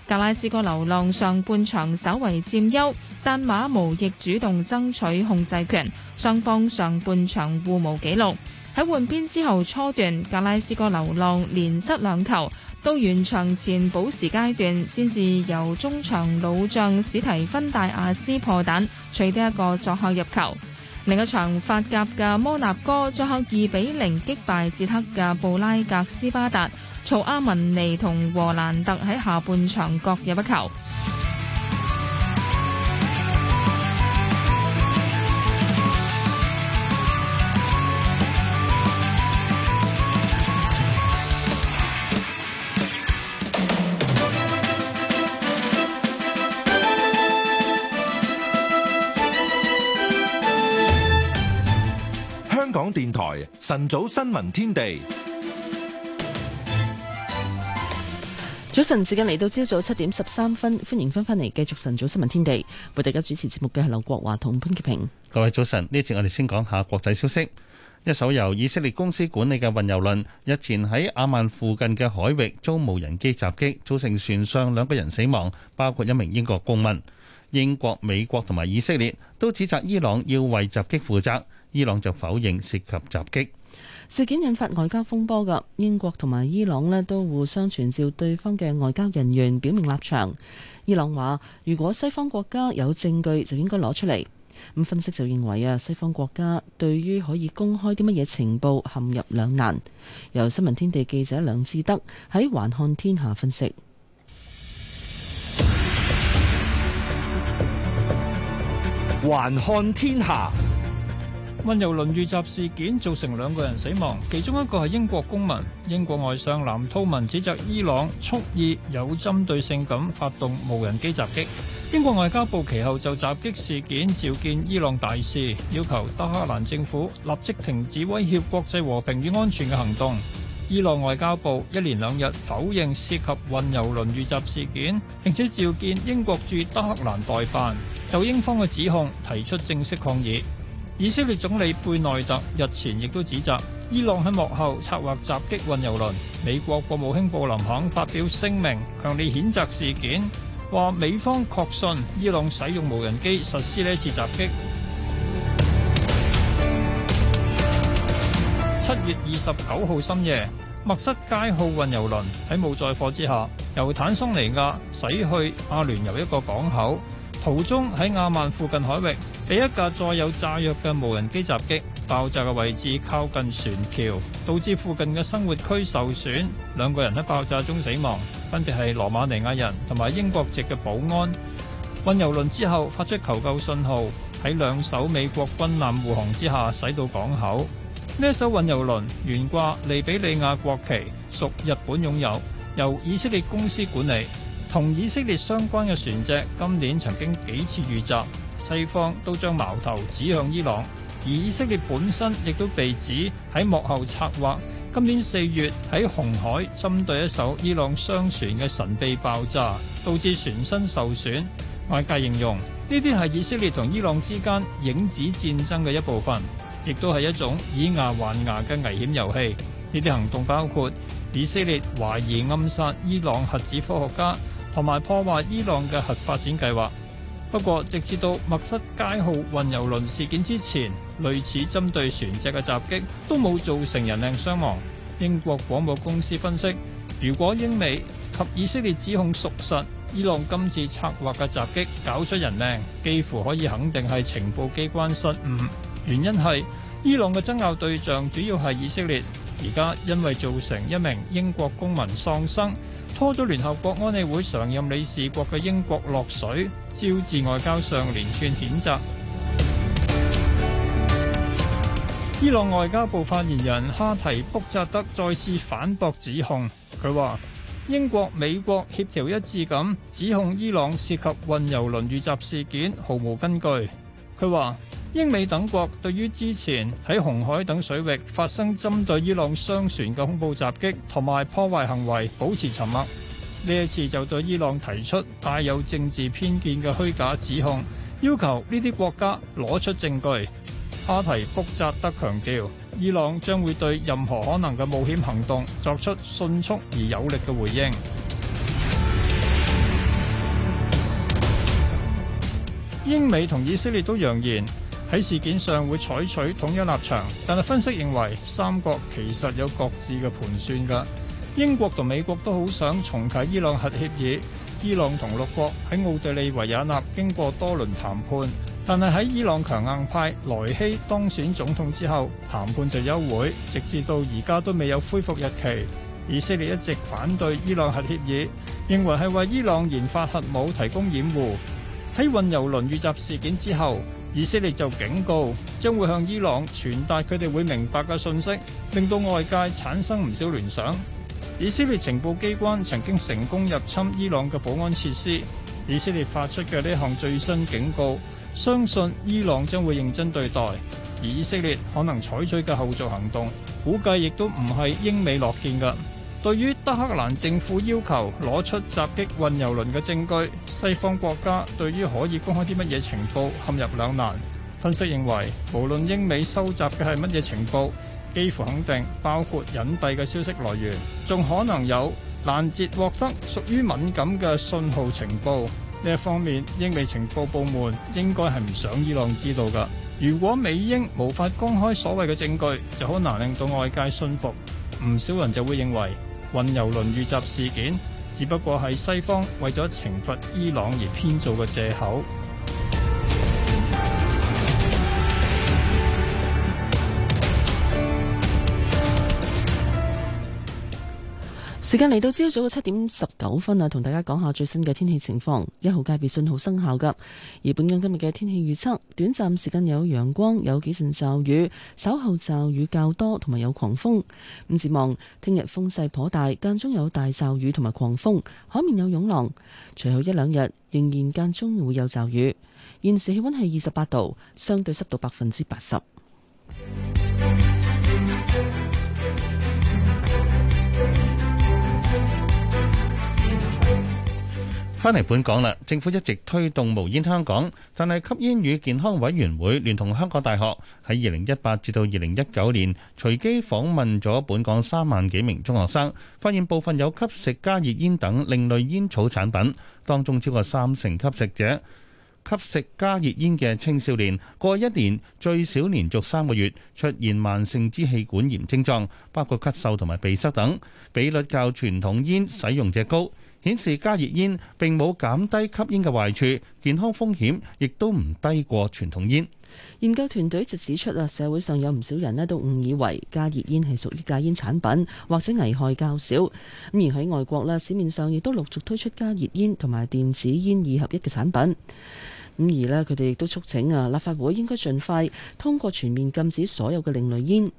格拉斯哥流浪上半場稍為佔優，但馬毛亦主動爭取控制權，雙方上半場互無紀錄。喺換邊之後初段，格拉斯哥流浪連失兩球，到完場前補時階段先至由中場老將史提芬戴亞斯破蛋，取得一個作客入球。另一場法甲嘅摩納哥作客二比零擊敗捷克嘅布拉格斯巴達，曹阿文尼同和和蘭特喺下半場各入一球。台晨早新聞天地，早晨時間嚟到朝早七點十三分，歡迎翻返嚟繼續晨早新聞天地，為大家主持節目嘅係劉國華同潘潔平。各位早晨，呢次我哋先講下國際消息。一艘由以色列公司管理嘅運油輪日前喺阿曼附近嘅海域遭無人機襲擊，造成船上兩個人死亡，包括一名英國公民。英國、美國同埋以色列都指責伊朗要為襲擊負責。伊朗就否認涉及襲擊事件，引發外交風波。噶英國同埋伊朗咧都互相傳召對方嘅外交人員，表明立場。伊朗話：如果西方國家有證據就應該攞出嚟。咁分析就認為啊，西方國家對於可以公開啲乜嘢情報陷入兩難。由新聞天地記者梁志德喺《橫看天下》分析，《橫看天下》。運油輪遇襲事件造成兩個人死亡，其中一個係英國公民。英國外相藍韜文指責伊朗蓄意有針對性咁發動無人機襲擊。英國外交部其後就襲擊事件召見伊朗大使，要求德黑蘭政府立即停止威脅國際和平與安全嘅行動。伊朗外交部一連兩日否認涉及運油輪遇襲事件，並且召見英國駐德黑蘭代辦，就英方嘅指控提出正式抗議。以色列總理貝內特日前亦都指責伊朗喺幕後策劃襲擊運油輪。美國國務卿布林肯發表聲明，強烈譴責事件，話美方確信伊朗使用無人機實施呢次襲擊。七月二十九號深夜，墨塞街號運油輪喺冇載貨之下，由坦桑尼亞駛去阿聯酋一個港口。途中喺阿曼附近海域俾一架載有炸藥嘅無人機襲擊爆炸嘅位置靠近船橋，導致附近嘅生活區受損，兩個人喺爆炸中死亡，分別係羅馬尼亞人同埋英國籍嘅保安。運油輪之後發出求救信號，喺兩艘美國軍艦護航之下駛到港口。呢艘運油輪懸掛利比里亞國旗，屬日本擁有，由以色列公司管理。同以色列相關嘅船隻今年曾經幾次遇襲，西方都將矛頭指向伊朗，而以色列本身亦都被指喺幕後策劃。今年四月喺紅海針對一艘伊朗商船嘅神秘爆炸，導致船身受損。外界形容呢啲係以色列同伊朗之間影子戰爭嘅一部分，亦都係一種以牙還牙嘅危險遊戲。呢啲行動包括以色列懷疑暗殺伊朗核子科學家。同埋破壞伊朗嘅核發展計劃。不過，直至到默瑟街號運油輪事件之前，類似針對船隻嘅襲擊都冇造成人命傷亡。英國廣播公司分析，如果英美及以色列指控屬實，伊朗今次策劃嘅襲擊搞出人命，幾乎可以肯定係情報機關失誤。原因係伊朗嘅爭拗對象主要係以色列，而家因為造成一名英國公民喪生。拖咗聯合國安理會常任理事國嘅英國落水，招致外交上連串譴責。伊朗外交部發言人哈提卜扎德再次反駁指控，佢話：英國、美國協調一致噉指控伊朗涉及運油輪遇襲事件，毫無根據。佢話：英美等國對於之前喺紅海等水域發生針對伊朗商船嘅恐怖襲擊同埋破壞行為保持沉默，呢一次就對伊朗提出帶有政治偏見嘅虛假指控，要求呢啲國家攞出證據。阿提福扎德強調，伊朗將會對任何可能嘅冒險行動作出迅速而有力嘅回應。 [noise] 英美同以色列都揚言。喺事件上會採取統一立場，但係分析認為，三國其實有各自嘅盤算㗎。英國同美國都好想重啟伊朗核協議。伊朗同六國喺奧地利維也納經過多輪談判，但係喺伊朗強硬派萊希當選總統之後，談判就休會，直至到而家都未有恢復日期。以色列一直反對伊朗核協議，認為係為伊朗研發核武提供掩護。喺運油輪遇襲事件之後。以色列就警告，將會向伊朗傳達佢哋會明白嘅信息，令到外界產生唔少聯想。以色列情報機關曾經成功入侵伊朗嘅保安設施，以色列發出嘅呢項最新警告，相信伊朗將會認真對待，而以色列可能採取嘅後續行動，估計亦都唔係英美樂見嘅。對於德克蘭政府要求攞出襲擊運油輪嘅證據，西方國家對於可以公開啲乜嘢情報陷入兩難。分析認為，無論英美收集嘅係乜嘢情報，幾乎肯定包括隱蔽嘅消息來源，仲可能有攔截獲得屬於敏感嘅信號情報。呢一方面，英美情報部門應該係唔想伊朗知道㗎。如果美英無法公開所謂嘅證據，就好難令到外界信服，唔少人就會認為。運油輪遇襲事件，只不過係西方為咗懲罰伊朗而編造嘅借口。時間嚟到朝早嘅七點十九分啦，同大家講下最新嘅天氣情況。一號戒備信號生效噶，而本港今日嘅天氣預測，短暫時間有陽光，有幾陣驟雨，稍後驟雨較多，同埋有狂風。咁展望聽日風勢頗大，間中有大驟雨同埋狂風，海面有湧浪。隨後一兩日仍然間中會有驟雨。現時氣溫係二十八度，相對濕度百分之八十。 [music] 翻嚟本港啦，政府一直推動無煙香港，但係吸煙與健康委員會聯同香港大學喺二零一八至到二零一九年隨機訪問咗本港三萬幾名中學生，發現部分有吸食加熱煙等另類煙草產品，當中超過三成吸食者，吸食加熱煙嘅青少年，過一年最少連續三個月出現慢性支氣管炎症狀，包括咳嗽同埋鼻塞等，比率較傳統煙使用者高。顯示加熱煙並冇減低吸煙嘅壞處，健康風險亦都唔低過傳統煙。研究團隊就指出啊，社會上有唔少人咧都誤以為加熱煙係屬於戒煙產品，或者危害較少。咁而喺外國啦，市面上亦都陸續推出加熱煙同埋電子煙二合一嘅產品。咁而咧，佢哋亦都促請啊立法會應該盡快通過全面禁止所有嘅另類煙。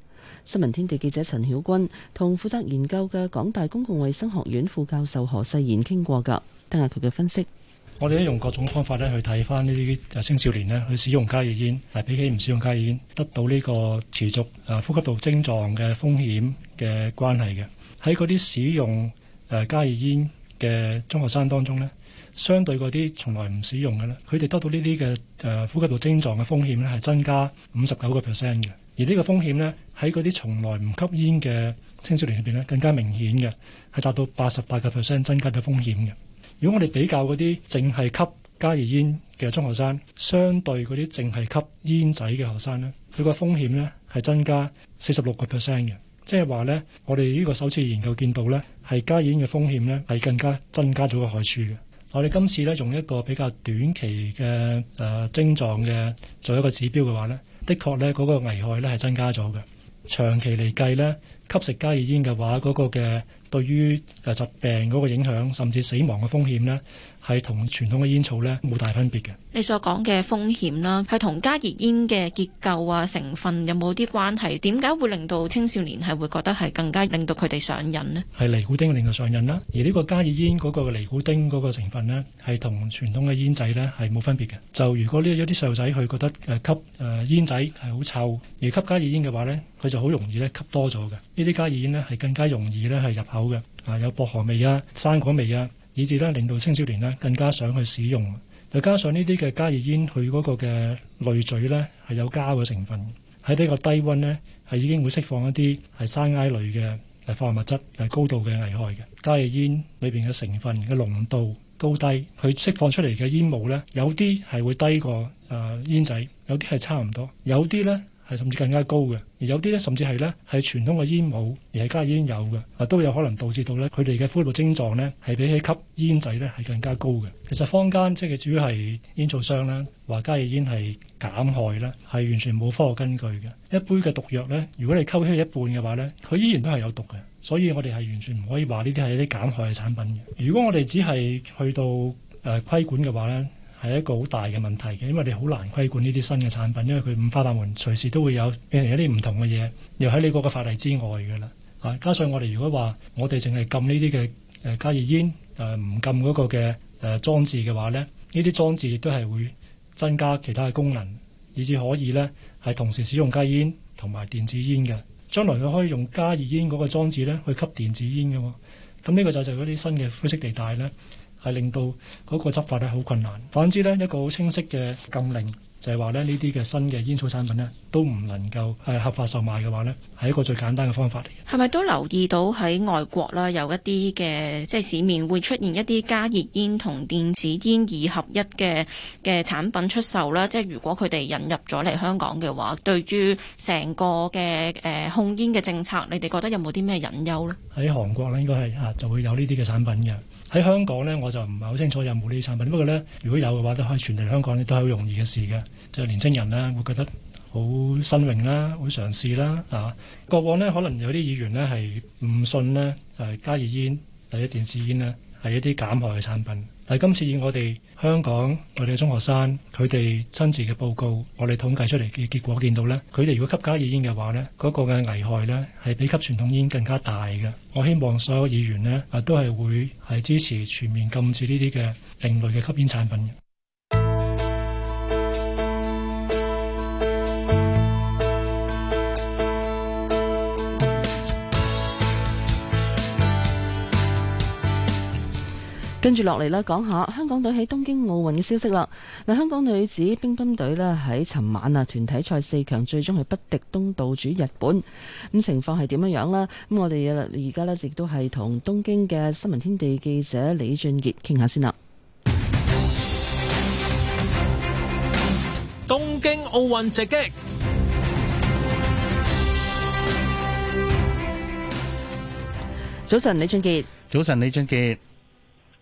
新聞天地記，記者陳曉君同負責研究嘅港大公共衛生學院副教授何世賢傾過噶，聽下佢嘅分析。我哋都用各種方法咧去睇翻呢啲青少年咧去使用加熱煙，係比起唔使用加熱煙得到呢個持續誒呼吸道症狀嘅風險嘅關係嘅。喺嗰啲使用誒加熱煙嘅中學生當中呢，相對嗰啲從來唔使用嘅咧，佢哋得到呢啲嘅誒呼吸道症狀嘅風險咧係增加五十九個 percent 嘅。而呢個風險呢，喺嗰啲從來唔吸煙嘅青少年裏邊呢，更加明顯嘅，係達到八十八個 percent 增加咗風險嘅。如果我哋比較嗰啲淨係吸加熱煙嘅中學生，相對嗰啲淨係吸煙仔嘅學生呢，佢個風險呢係增加四十六個 percent 嘅。即係話呢，我哋呢個首次研究見到呢，係加熱煙嘅風險呢係更加增加咗個害處嘅。我哋今次呢，用一個比較短期嘅誒、呃、症狀嘅做一個指標嘅話呢。的確呢，嗰個危害呢係增加咗嘅。長期嚟計呢，吸食加熱煙嘅話，嗰個嘅對於誒疾病嗰個影響，甚至死亡嘅風險呢。係同傳統嘅煙草咧冇大分別嘅。你所講嘅風險啦，係同加熱煙嘅結構啊、成分有冇啲關係？點解會令到青少年係會覺得係更加令到佢哋上癮呢？係尼古丁令佢上癮啦，啊。而呢個加熱煙嗰個尼古丁嗰個成分呢，係同傳統嘅煙仔呢係冇分別嘅。就如果呢一啲細路仔佢覺得誒吸誒煙仔係好臭，而吸加熱煙嘅話呢，佢就好容易咧吸多咗嘅。呢啲加熱煙呢係更加容易咧係入口嘅啊，有薄荷味啊、生果味啊。以至咧令到青少年咧更加想去使用，再加上呢啲嘅加熱煙，佢嗰個嘅濾嘴呢係有膠嘅成分，喺呢個低溫呢，係已經會釋放一啲係山埃類嘅化學物質，係高度嘅危害嘅。加熱煙裏邊嘅成分嘅濃度高低，佢釋放出嚟嘅煙霧呢，有啲係會低過誒、呃、煙仔，有啲係差唔多，有啲呢。係甚至更加高嘅，而有啲咧甚至係咧係傳統嘅煙霧而係加煙有嘅，啊都有可能導致到咧佢哋嘅呼吸道症狀咧係比起吸煙仔咧係更加高嘅。其實坊間即係主要係煙造商咧話加熱煙係減害啦，係完全冇科學根據嘅。一杯嘅毒藥咧，如果你溝起一半嘅話咧，佢依然都係有毒嘅。所以我哋係完全唔可以話呢啲係一啲減害嘅產品嘅。如果我哋只係去到誒、呃、規管嘅話咧。係一個好大嘅問題嘅，因為你好難規管呢啲新嘅產品，因為佢五花八門，隨時都會有變成一啲唔同嘅嘢，又喺你個法例之外嘅啦。啊，加上我哋如果話我哋淨係禁呢啲嘅誒加熱煙，誒、啊、唔禁嗰個嘅誒裝置嘅話咧，呢啲裝置亦都係會增加其他嘅功能，以至可以呢係同時使用加熱煙同埋電子煙嘅。將來佢可以用加熱煙嗰個裝置呢去吸電子煙嘅喎，咁呢個就係嗰啲新嘅灰色地帶呢。係令到嗰個執法咧好困難。反之呢，一個好清晰嘅禁令就係話咧，呢啲嘅新嘅煙草產品呢，都唔能夠係合法售賣嘅話呢，係一個最簡單嘅方法嚟嘅。係咪都留意到喺外國啦，有一啲嘅即係市面會出現一啲加熱煙同電子煙二合一嘅嘅產品出售啦。即係如果佢哋引入咗嚟香港嘅話，對於成個嘅誒、呃、控煙嘅政策，你哋覺得有冇啲咩隱憂呢？喺韓國呢，應該係啊就會有呢啲嘅產品嘅。喺香港呢，我就唔係好清楚有冇呢啲產品。不過呢，如果有嘅話，都可以傳嚟香港咧，都係好容易嘅事嘅。就係、年青人啦，會覺得好新穎啦，好嘗試啦，嚇、啊。過往呢，可能有啲議員呢係唔信咧，誒、啊，加熱煙或者電子煙咧係一啲減害嘅產品。但係今次以我哋，香港我哋嘅中學生，佢哋親自嘅報告，我哋統計出嚟嘅結果，見到呢，佢哋如果吸加熱煙嘅話呢，嗰個嘅危害呢，係比吸傳統煙更加大嘅。我希望所有議員呢，啊，都係會係支持全面禁止呢啲嘅另類嘅吸煙產品。跟住落嚟呢，講下香港隊喺東京奧運嘅消息啦。嗱，香港女子乒乓隊呢，喺尋晚啊，團體賽四強，最終係不敵東道主日本。咁情況係點樣樣呢？咁我哋而家呢，亦都係同東京嘅新聞天地記者李俊杰傾下先啦。東京奧運直擊。早晨，李俊杰。早晨，李俊杰。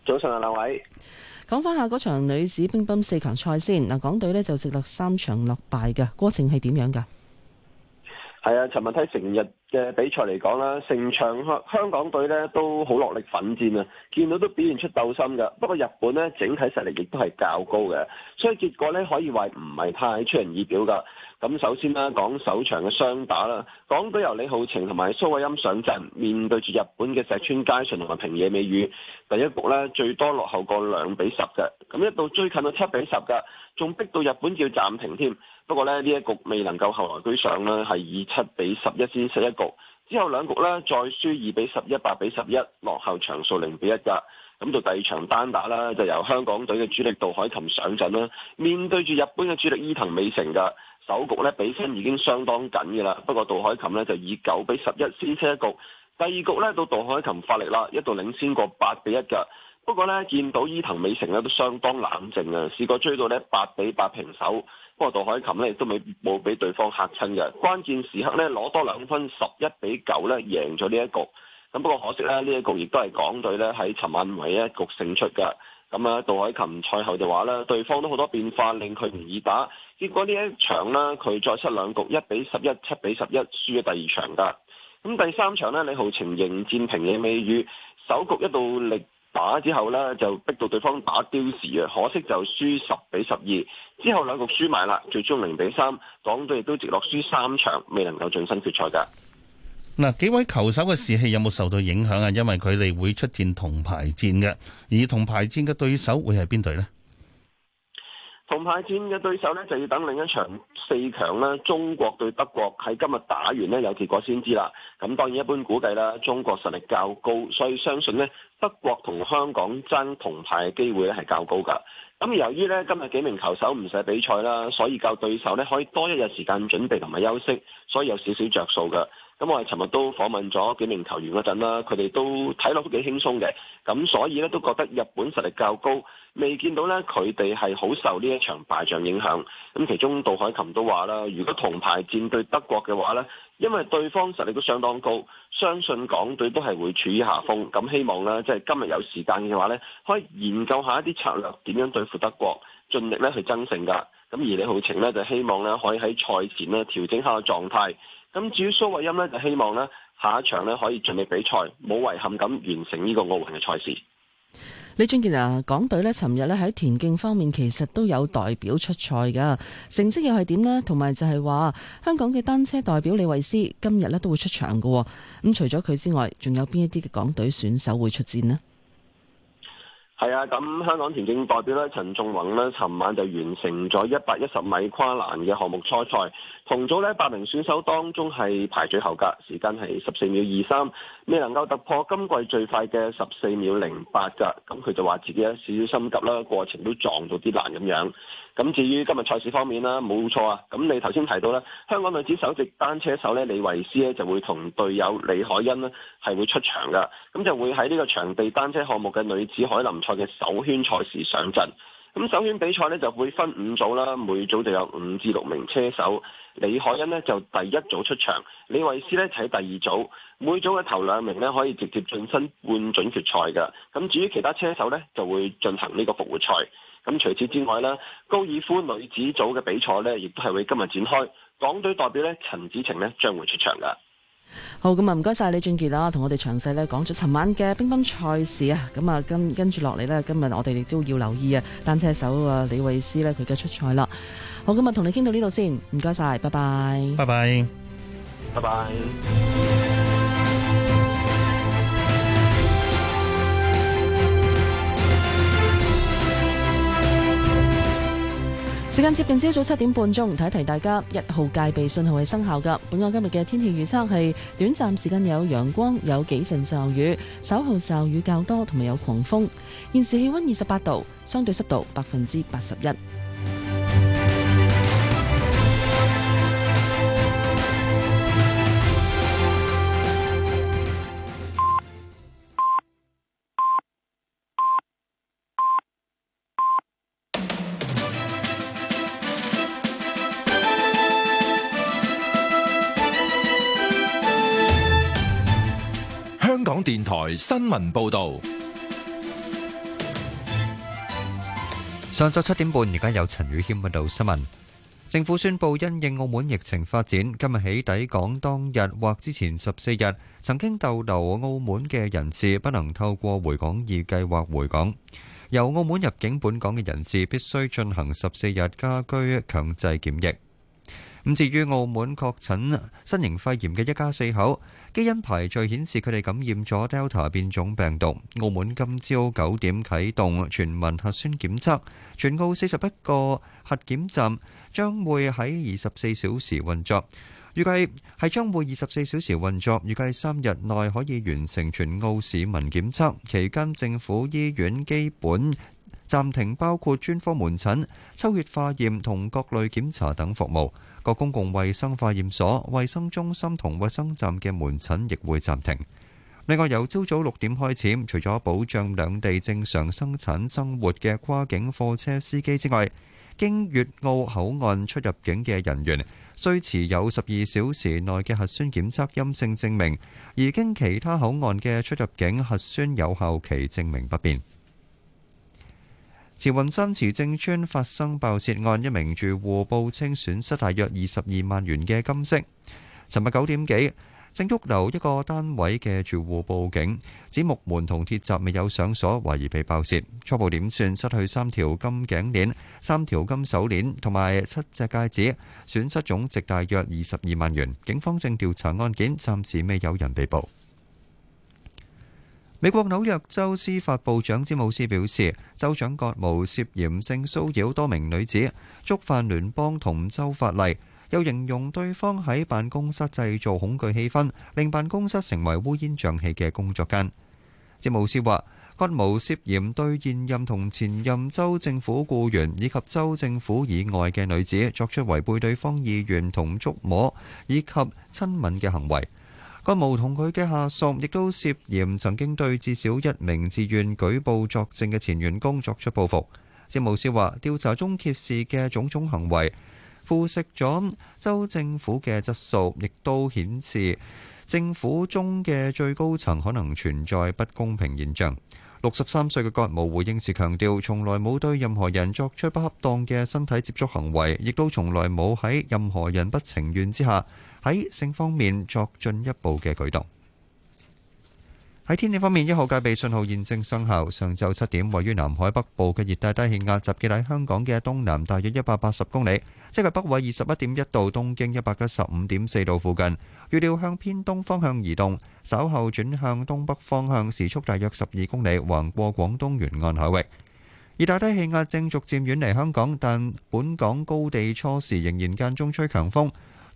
早上啊，兩位，講翻下嗰場女子乒乓四強賽先。嗱，港隊呢就直落三場落敗嘅，過程係點樣噶？係啊，尋日睇成日嘅比賽嚟講啦，成場香港隊呢都好落力奮戰啊，見到都表現出鬥心噶。不過日本呢，整體實力亦都係較高嘅，所以結果呢可以話唔係太出人意表噶。咁首先啦，講首場嘅雙打啦，港隊由李皓晴同埋蘇慧音上陣，面對住日本嘅石川佳純同埋平野美宇，第一局呢，最多落後個兩比十嘅，咁一度追近到七比十嘅，仲逼到日本要暫停添。不過呢，呢一局未能夠後來居上啦，係以七比十一先失一局。之後兩局呢，再輸二比十一、八比十一，落後場數零比一噶。咁到第二場單打啦，就由香港隊嘅主力杜凱琹上陣啦，面對住日本嘅主力伊藤美誠噶。首局咧比分已經相當緊嘅啦，不過杜凱琹咧就以九比十一先車一局，第二局咧到杜凱琹發力啦，一度領先過八比一嘅。不過咧見到伊藤美誠咧都相當冷靜啊，試過追到呢八比八平手，不過杜凱琹咧亦都未冇俾對方嚇親嘅。關鍵時刻咧攞多兩分十一比九咧贏咗呢一局，咁不過可惜咧呢一局亦都係港隊咧喺尋晚唯一一局勝出嘅。咁啊，杜凱琹賽後就話咧，對方都好多變化，令佢唔易打。結果呢一場咧，佢再失兩局，一比十一、七比十一，11，輸咗第二場㗎。咁第三場咧，李皓晴迎戰平野美宇，首局一度力打之後咧，就逼到對方打刁時啊。可惜就輸十比十二，12，之後兩局輸埋啦，最終零比三，港隊亦都直落輸三場，未能夠晉身決賽㗎。嗱，幾位球手嘅士氣有冇受到影響啊？因為佢哋會出戰銅牌戰嘅，而銅牌戰嘅對手會係邊隊呢？銅牌戰嘅對手呢，就要等另一場四強啦，中國對德國喺今日打完呢，有結果先知啦。咁當然一般估計啦，中國實力較高，所以相信呢，德國同香港爭銅牌嘅機會呢係較高噶。咁由於呢，今日幾名球手唔使比賽啦，所以較對手呢，可以多一日時間準備同埋休息，所以有少少着數噶。咁我哋尋日都訪問咗幾名球員嗰陣啦，佢哋都睇落都幾輕鬆嘅，咁所以咧都覺得日本實力較高，未見到咧佢哋係好受呢一場敗仗影響。咁其中杜海琴都話啦，如果銅牌戰對德國嘅話咧，因為對方實力都相當高，相信港隊都係會處於下風。咁希望咧，即係今日有時間嘅話咧，可以研究一下一啲策略點樣對付德國，盡力咧去爭勝㗎。咁而李浩晴咧就希望咧可以喺賽前咧調整下狀態。咁至於蘇慧音呢，呢，就希望呢下一場呢可以盡力比賽，冇遺憾咁完成呢個奧運嘅賽事。李俊傑啊，港隊呢尋日呢喺田徑方面其實都有代表出賽噶，成績又係點呢？同埋就係話香港嘅單車代表李慧詩今日呢都會出場嘅。咁除咗佢之外，仲有邊一啲嘅港隊選手會出戰呢？係啊，咁香港田徑代表呢陳仲宏呢，尋晚就完成咗一百一十米跨欄嘅項目初賽。同組咧八名選手當中係排最後㗎，時間係十四秒二三，未能夠突破今季最快嘅十四秒零八㗎。咁佢就話自己有少少心急啦，過程都撞到啲難咁樣。咁至於今日賽事方面啦，冇錯啊。咁你頭先提到咧，香港女子首席單車手咧李慧詩咧就會同隊友李海欣咧係會出場㗎。咁就會喺呢個場地單車項目嘅女子凱林賽嘅首圈賽事上陣。咁首選比賽咧就會分五組啦，每組就有五至六名車手。李海恩呢，就第一組出場，李慧詩呢，就喺第二組。每組嘅頭兩名呢，可以直接進身半準決賽㗎。咁至於其他車手呢，就會進行呢個復活賽。咁除此之外啦，高爾夫女子組嘅比賽呢，亦都係會今日展開。港隊代表呢，陳芷晴呢，將會出場噶。好咁啊，唔該晒李俊傑啦，同我哋詳細咧，講咗尋晚嘅乒乓賽事啊，咁啊跟跟住落嚟咧，今日我哋亦都要留意啊單車手啊李慧詩咧，佢嘅出賽啦。好，今日同你傾到呢度先，唔該晒，拜拜，拜拜，拜拜。時間接近朝早七點半鐘，提提大家，一號戒備信號係生效噶。本港今日嘅天氣預測係短暫時間有陽光，有幾陣驟雨，稍後驟雨較多，同埋有狂風。現時氣温二十八度，相對濕度百分之八十一。電台新聞報道：上晝七點半，而家有陳宇謙報道新聞。政府宣布，因應澳門疫情發展，今日起抵港當日或之前十四日曾經逗留澳門嘅人士，不能透過回港易計劃回港。由澳門入境本港嘅人士，必須進行十四日家居強制檢疫。咁至於澳門確診新型肺炎嘅一家四口。基因排序顯示佢哋感染咗 Delta 變種病毒。澳門今朝九點啟動全民核酸檢測，全澳四十一個核檢站將會喺二十四小時運作，預計係將會二十四小時運作，預計三日內可以完成全澳市民檢測。期間政府醫院基本暫停包括專科門診、抽血化驗同各類檢查等服務。個公共衛生化驗所、衛生中心同衛生站嘅門診亦會暫停。另外，由朝早六點開始，除咗保障兩地正常生產生活嘅跨境貨車司機之外，經粵澳口岸出入境嘅人員需持有十二小時內嘅核酸檢測陰性證明，而經其他口岸嘅出入境核酸有效期證明不變。慈雲山慈正邨發生爆竊案，一名住戶報稱損失大約二十二萬元嘅金飾。尋日九點幾，正旭樓一個單位嘅住戶報警，指木門同鐵閘未有上鎖，懷疑被爆竊。初步點算，失去三條金頸鏈、三條金手鏈同埋七隻戒指，損失總值大約二十二萬元。警方正調查案件，暫時未有人被捕。美國紐約州司法部長詹姆斯表示，州長葛姆涉嫌性騷擾多名女子，觸犯聯邦同州法例，又形容對方喺辦公室製造恐懼氣氛，令辦公室成為烏煙瘴氣嘅工作間。詹姆斯話，葛姆涉嫌對現任同前任州政府僱員以及州政府以外嘅女子作出違背對方意願同觸摸以及親吻嘅行為。葛謨同佢嘅下屬亦都涉嫌曾經對至少一名自願舉報作證嘅前員工作出報復。詹姆斯話：調查中揭示嘅種種行為，腐蝕咗州政府嘅質素，亦都顯示政府中嘅最高層可能存在不公平現象。六十三歲嘅葛謨回應時強調：從來冇對任何人作出不恰當嘅身體接觸行為，亦都從來冇喺任何人不情願之下。喺性方面作進一步嘅舉動。喺天氣方面，一號戒備信號現正生效。上晝七點，位於南海北部嘅熱帶低氣壓，集結喺香港嘅東南，大約一百八十公里，即係北緯二十一點一度，東經一百一十五點四度附近。預料向偏東方向移動，稍後轉向東北方向，時速大約十二公里，橫過廣東沿岸海域。熱帶低氣壓正逐漸遠離香港，但本港高地初時仍然間中吹強風。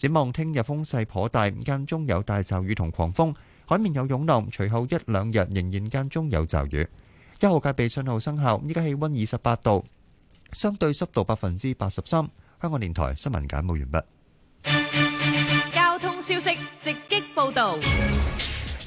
展望聽日風勢頗大，間中有大驟雨同狂風，海面有湧浪。隨後一兩日仍然間中有驟雨。一號戒備信號生效，依家氣溫二十八度，相對濕度百分之八十三。香港電台新聞簡報完畢。交通消息直擊報道。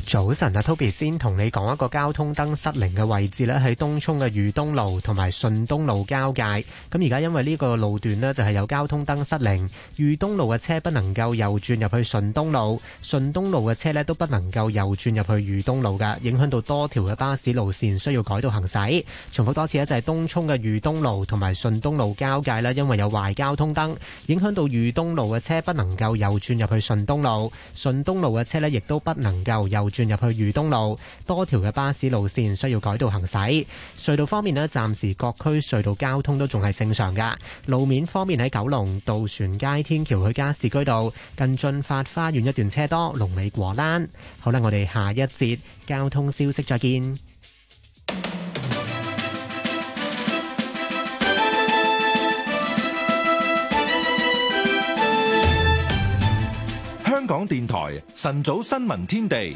早晨啊，Toby 先同你講一個交通燈失靈嘅位置咧，喺東涌嘅裕東路同埋順東路交界。咁而家因為呢個路段咧就係有交通燈失靈，裕東路嘅車不能夠右轉入去順東路，順東路嘅車咧都不能夠右轉入去裕東路噶，影響到多條嘅巴士路綫需要改道行駛。重複多次咧就係東涌嘅裕東路同埋順東路交界啦，因為有壞交通燈，影響到裕東路嘅車不能夠右轉入去順東路，順東路嘅車咧亦都不能夠右。轉入去裕東路，多條嘅巴士路線需要改道行駛。隧道方面咧，暫時各區隧道交通都仲係正常嘅。路面方面喺九龍渡船街天橋去加士居道近駿發花園一段車多，龍尾過欄。好啦，我哋下一節交通消息再見。香港電台晨早新聞天地。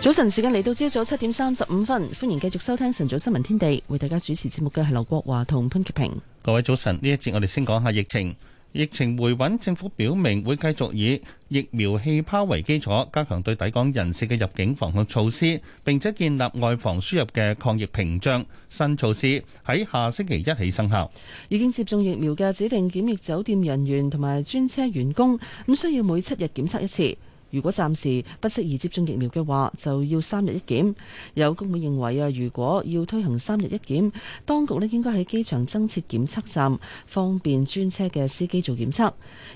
早晨，時間嚟到朝早七點三十五分，歡迎繼續收聽晨早新聞天地，為大家主持節目嘅係劉國華同潘潔平。各位早晨，呢一節我哋先講下疫情。疫情回穩，政府表明會繼續以疫苗氣泡為基礎，加強對抵港人士嘅入境防控措施，並且建立外防輸入嘅抗疫屏障。新措施喺下星期一起生效。已經接種疫苗嘅指定檢疫酒店人員同埋專車員工，咁需要每七日檢測一次。如果暫時不適宜接種疫苗嘅話，就要三日一檢。有工會認為啊，如果要推行三日一檢，當局呢應該喺機場增設檢測站，方便專車嘅司機做檢測。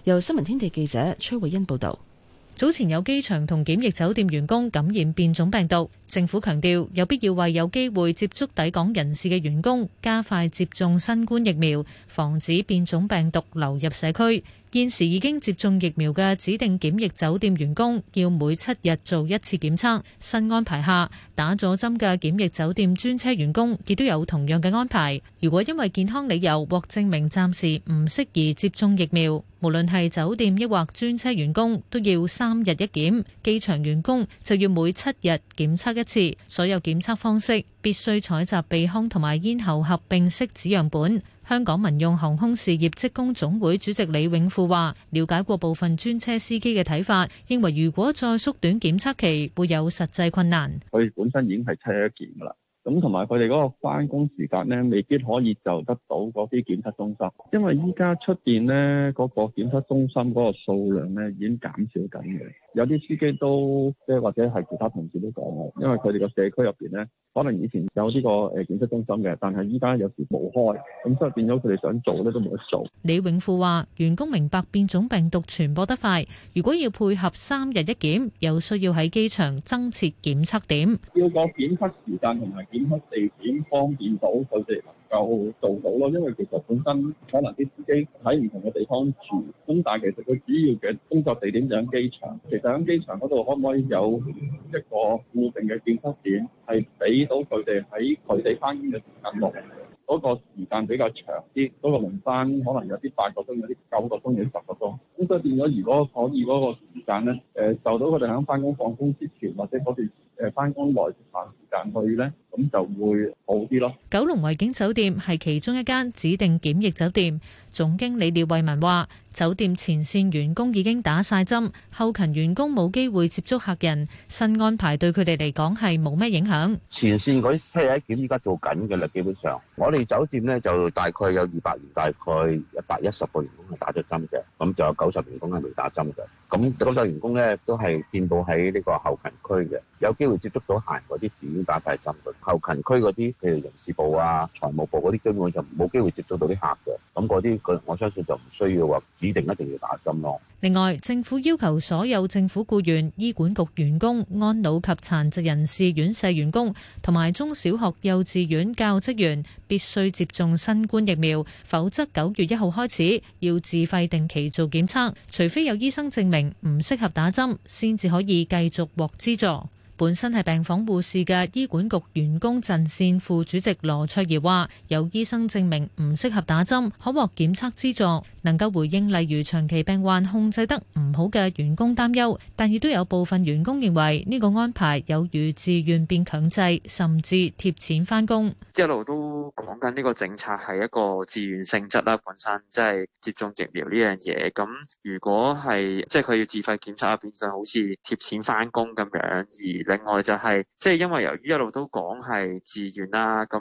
由新聞天地記者崔慧欣報導。早前有機場同檢疫酒店員工感染變種病毒，政府強調有必要為有機會接觸抵港人士嘅員工加快接種新冠疫苗，防止變種病毒流入社區。現時已經接種疫苗嘅指定檢疫酒店員工，要每七日做一次檢測。新安排下，打咗針嘅檢疫酒店專車員工亦都有同樣嘅安排。如果因為健康理由獲證明暫時唔適宜接種疫苗，無論係酒店抑或專車員工，都要三日一檢。機場員工就要每七日檢測一次。所有檢測方式必須採集鼻腔同埋咽喉合併拭子樣本。香港民用航空事業職工總會主席李永富話，了解過部分專車司機嘅睇法，認為如果再縮短檢測期，會有實際困難。佢本身已經係七日一檢噶啦。咁同埋佢哋嗰個翻工時間咧，未必可以就得到嗰啲檢測中心，因為依家出邊咧嗰個檢測中心嗰個數量咧已經減少緊嘅。有啲司機都即係或者係其他同事都講過，因為佢哋個社區入邊咧，可能以前有呢個誒檢測中心嘅，但係依家有時冇開，咁所以變咗佢哋想做咧都冇得做。李永富話員工明白變種病毒傳播得快，如果要配合三日一檢，又需要喺機場增設檢測點，要個檢測時間同埋。檢測地點方便到佢哋能夠做到咯，因為其實本身可能啲司機喺唔同嘅地方住，咁但係其實佢主要嘅工作地點就喺機場。其實喺機場嗰度可唔可以有一個固定嘅檢測點，係俾到佢哋喺佢哋翻工嘅時間落嗰個時間比較長啲，嗰個輪班可能有啲八個鐘，有啲九個鐘，有啲十個鐘。咁所以變咗，如果可以嗰個時間咧，誒，受到佢哋喺翻工放工之前，或者嗰段誒翻工內。間去咧，咁就會好啲咯。九龍維景酒店係其中一間指定檢疫酒店。總經理廖慧文話，酒店前線員工已經打晒針，後勤員工冇機會接觸客人，新安排對佢哋嚟講係冇咩影響。前線嗰啲七日一檢，依家做緊嘅啦。基本上，我哋酒店咧就大概有二百人，大概一百一十個員工係打咗針嘅，咁就有九十員工係未打針嘅。咁嗰九十員工咧都係見到喺呢個後勤區嘅，有機會接觸到客人嗰啲打晒針嘅，後勤區嗰啲，譬如人事部啊、財務部嗰啲，根本就冇機會接觸到啲客嘅，咁嗰啲我相信就唔需要話指定一定要打針咯。另外，政府要求所有政府僱員、醫管局員工、安老及殘疾人士院舍員工，同埋中小學、幼稚園教職員，必須接種新冠疫苗，否則九月一號開始要自費定期做檢測，除非有醫生證明唔適合打針，先至可以繼續獲資助。本身係病房護士嘅醫管局員工陣線副主席羅卓怡話，有醫生證明唔適合打針，可獲檢測資助，能夠回應例如長期病患控制得唔好嘅員工擔憂。但亦都有部分員工認為呢個安排有如自願變強制，甚至貼錢翻工。一路都講緊呢個政策係一個自願性質啦，本身即係接種疫苗呢樣嘢。咁如果係即係佢要自費檢測啊，變相好似貼錢翻工咁樣而。另外就係、是，即係因為由於一路都講係自願啦、啊，咁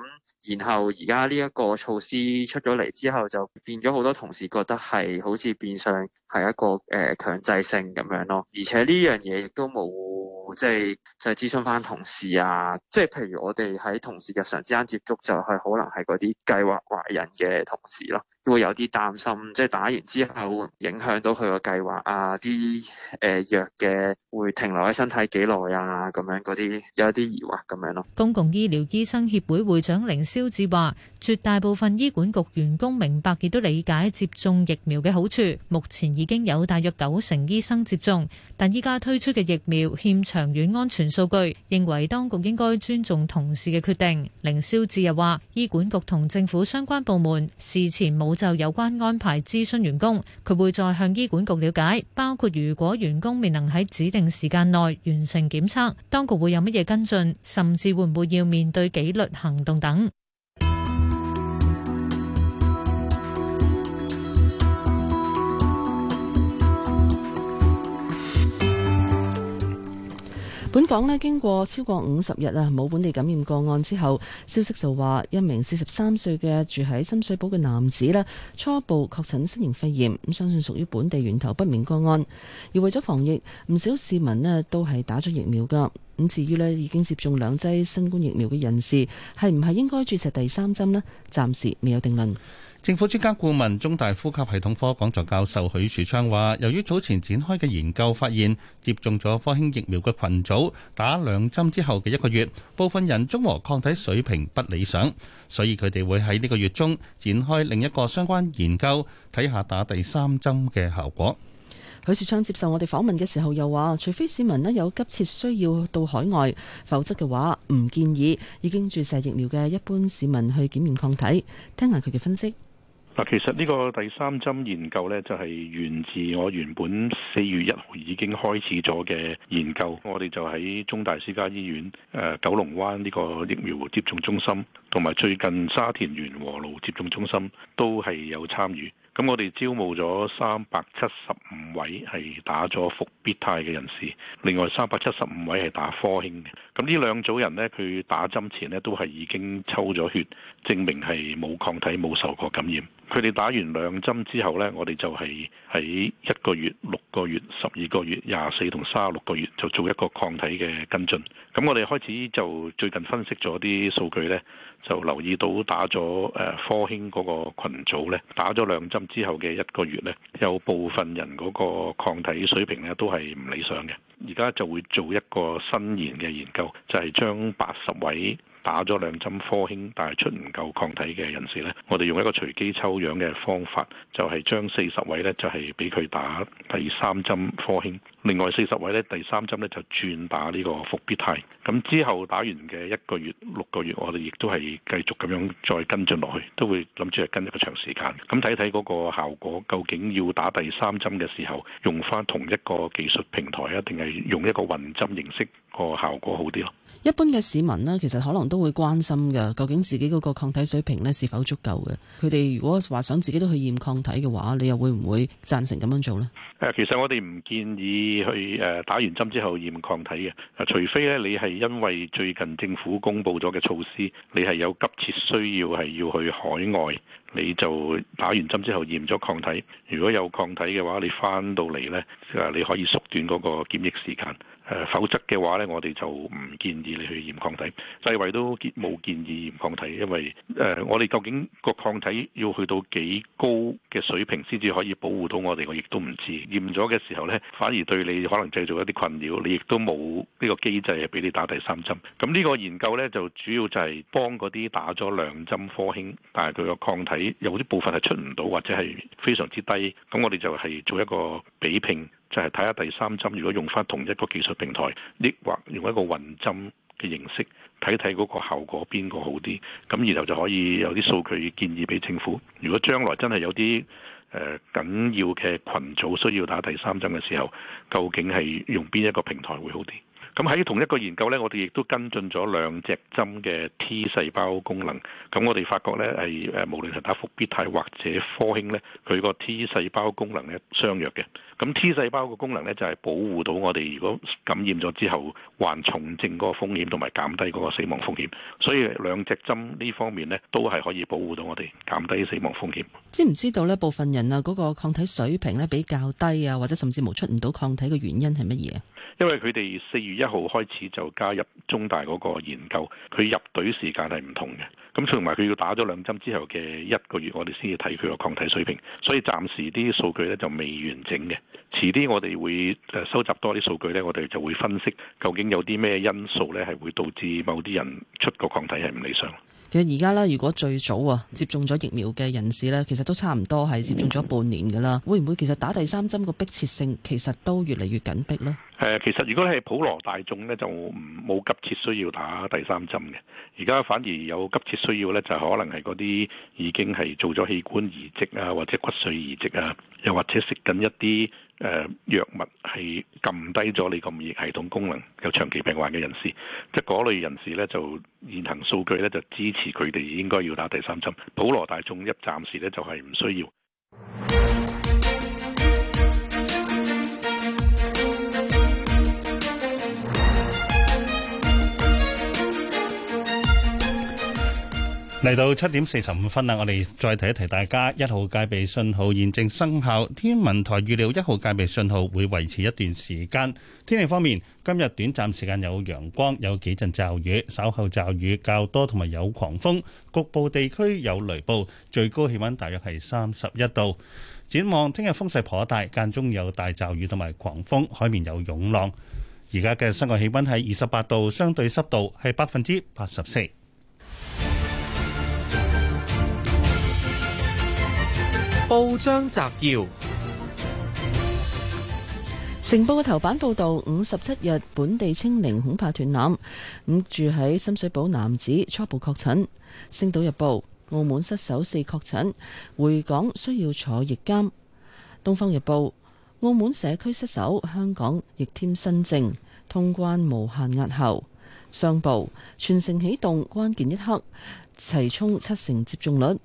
然後而家呢一個措施出咗嚟之後，就變咗好多同事覺得係好似變相係一個誒、呃、強制性咁樣咯、啊。而且呢樣嘢亦都冇即係就係、諮詢翻同事啊，即係譬如我哋喺同事日常之間接觸，就係可能係嗰啲計劃懷孕嘅同事咯、啊。會有啲擔心，即係打完之後影響到佢個計劃啊，啲誒、呃、藥嘅會停留喺身體幾耐啊？咁樣嗰啲有一啲疑惑咁樣咯。公共醫療醫生協會會長凌霄智話。絕大部分醫管局員工明白，亦都理解接種疫苗嘅好處，目前已經有大約九成醫生接種。但依家推出嘅疫苗欠長遠安全數據，認為當局應該尊重同事嘅決定。凌霄智又話，醫管局同政府相關部門事前冇就有關安排諮詢員工，佢會再向醫管局了解，包括如果員工未能喺指定時間內完成檢測，當局會有乜嘢跟進，甚至會唔會要面對紀律行動等。本港呢經過超過五十日啊冇本地感染個案之後，消息就話一名四十三歲嘅住喺深水埗嘅男子呢初步確診新型肺炎，咁相信屬於本地源頭不明個案。而為咗防疫，唔少市民呢都係打咗疫苗㗎。咁至於呢已經接種兩劑新冠疫苗嘅人士，係唔係應該注射第三針呢？暫時未有定論。政府專家顧問、中大呼吸系統科講座教授許樹昌話，由於早前展開嘅研究發現，接種咗科興疫苗嘅群組打兩針之後嘅一個月，部分人中和抗體水平不理想，所以佢哋會喺呢個月中展開另一個相關研究，睇下打第三針嘅效果。許樹昌接受我哋訪問嘅時候又話，除非市民咧有急切需要到海外，否則嘅話唔建議已經注射疫苗嘅一般市民去檢驗抗體。聽下佢嘅分析。嗱，其實呢個第三針研究呢，就係源自我原本四月一號已經開始咗嘅研究。我哋就喺中大私家醫院、誒、九龍灣呢個疫苗接種中心，同埋最近沙田源禾路接種中心都係有參與。咁我哋招募咗三百七十五位係打咗復必泰嘅人士，另外三百七十五位係打科興嘅。咁呢兩組人咧，佢打針前咧都係已經抽咗血，證明係冇抗體，冇受過感染。佢哋打完兩針之後咧，我哋就係喺一個月、六個月、十二個月、廿四同卅六個月就做一個抗體嘅跟進。咁我哋開始就最近分析咗啲數據咧。就留意到打咗誒科興嗰個群組咧，打咗兩針之後嘅一個月咧，有部分人嗰個抗體水平咧都係唔理想嘅。而家就會做一個新研嘅研究，就係將八十位。打咗兩針科興，但係出唔夠抗體嘅人士呢，我哋用一個隨機抽樣嘅方法，就係將四十位呢，就係俾佢打第三針科興，另外四十位呢，第三針呢，就轉打呢個復必泰。咁之後打完嘅一個月、六個月，我哋亦都係繼續咁樣再跟進落去，都會諗住係跟一個長時間。咁睇睇嗰個效果，究竟要打第三針嘅時候，用翻同一個技術平台啊，定係用一個混針形式，個效果好啲咯？一般嘅市民呢，其實可能都會關心嘅，究竟自己嗰個抗體水平呢是否足夠嘅？佢哋如果話想自己都去驗抗體嘅話，你又會唔會贊成咁樣做呢？誒，其實我哋唔建議去誒打完針之後驗抗體嘅，除非咧你係因為最近政府公布咗嘅措施，你係有急切需要係要去海外，你就打完針之後驗咗抗體，如果有抗體嘅話，你翻到嚟咧，誒你可以縮短嗰個檢疫時間。否則嘅話咧，我哋就唔建議你去驗抗體。世衞都冇建議驗抗體，因為誒、呃，我哋究竟個抗體要去到幾高嘅水平先至可以保護到我哋，我亦都唔知。驗咗嘅時候呢，反而對你可能製造一啲困擾，你亦都冇呢個機制係俾你打第三針。咁呢個研究呢，就主要就係幫嗰啲打咗兩針科興，但係佢個抗體有啲部分係出唔到，或者係非常之低。咁我哋就係做一個比拼。就係睇下第三針，如果用翻同一個技術平台，亦或用一個混針嘅形式，睇睇嗰個效果邊個好啲，咁然後就可以有啲數據建議俾政府。如果將來真係有啲誒緊要嘅群組需要打第三針嘅時候，究竟係用邊一個平台會好啲？咁喺同一個研究呢，我哋亦都跟進咗兩隻針嘅 T 細胞功能。咁我哋發覺呢係誒，無論係打復必泰或者科興呢，佢個 T 細胞功能呢，相約嘅。咁 T 細胞個功能呢，就係、是、保護到我哋，如果感染咗之後患重症嗰個風險同埋減低嗰個死亡風險。所以兩隻針呢方面呢，都係可以保護到我哋，減低死亡風險。知唔知道呢？部分人啊，嗰個抗體水平呢，比較低啊，或者甚至冇出唔到抗體嘅原因係乜嘢？因為佢哋四月一號開始就加入中大嗰個研究，佢入隊時間係唔同嘅，咁同埋佢要打咗兩針之後嘅一個月，我哋先要睇佢個抗體水平，所以暫時啲數據咧就未完整嘅，遲啲我哋會誒收集多啲數據咧，我哋就會分析究竟有啲咩因素咧係會導致某啲人出個抗體係唔理想。其實而家咧，如果最早啊接種咗疫苗嘅人士咧，其實都差唔多係接種咗半年噶啦。會唔會其實打第三針個迫切性其實都越嚟越緊迫呢？誒，其實如果係普羅大眾咧，就唔冇急切需要打第三針嘅。而家反而有急切需要咧，就可能係嗰啲已經係做咗器官移植啊，或者骨髓移植啊，又或者食緊一啲。誒、嗯、藥物係撳低咗你個免疫系統功能，有長期病患嘅人士，即係嗰類人士呢，就現行數據呢，就支持佢哋應該要打第三針。普羅大眾一暫時呢，就係唔需要。嚟到七點四十五分啦，我哋再提一提大家，一號戒備信號現正生效。天文台預料一號戒備信號會維持一段時間。天氣方面，今日短暫時間有陽光，有幾陣驟雨，稍後驟雨較多，同埋有狂風，局部地區有雷暴。最高氣溫大約係三十一度。展望聽日風勢頗大，間中有大驟雨同埋狂風，海面有湧浪。而家嘅室外氣溫係二十八度，相對濕度係百分之八十四。報章摘要：成報嘅頭版報道，五十七日本地清零恐怕斷纜。居住喺深水埗男子初步確診。星島日報：澳門失守四確診，回港需要坐疫監。東方日報：澳門社區失守，香港亦添新症，通關無限押後。商報：全城啟動關鍵一刻，齊沖七成接種率。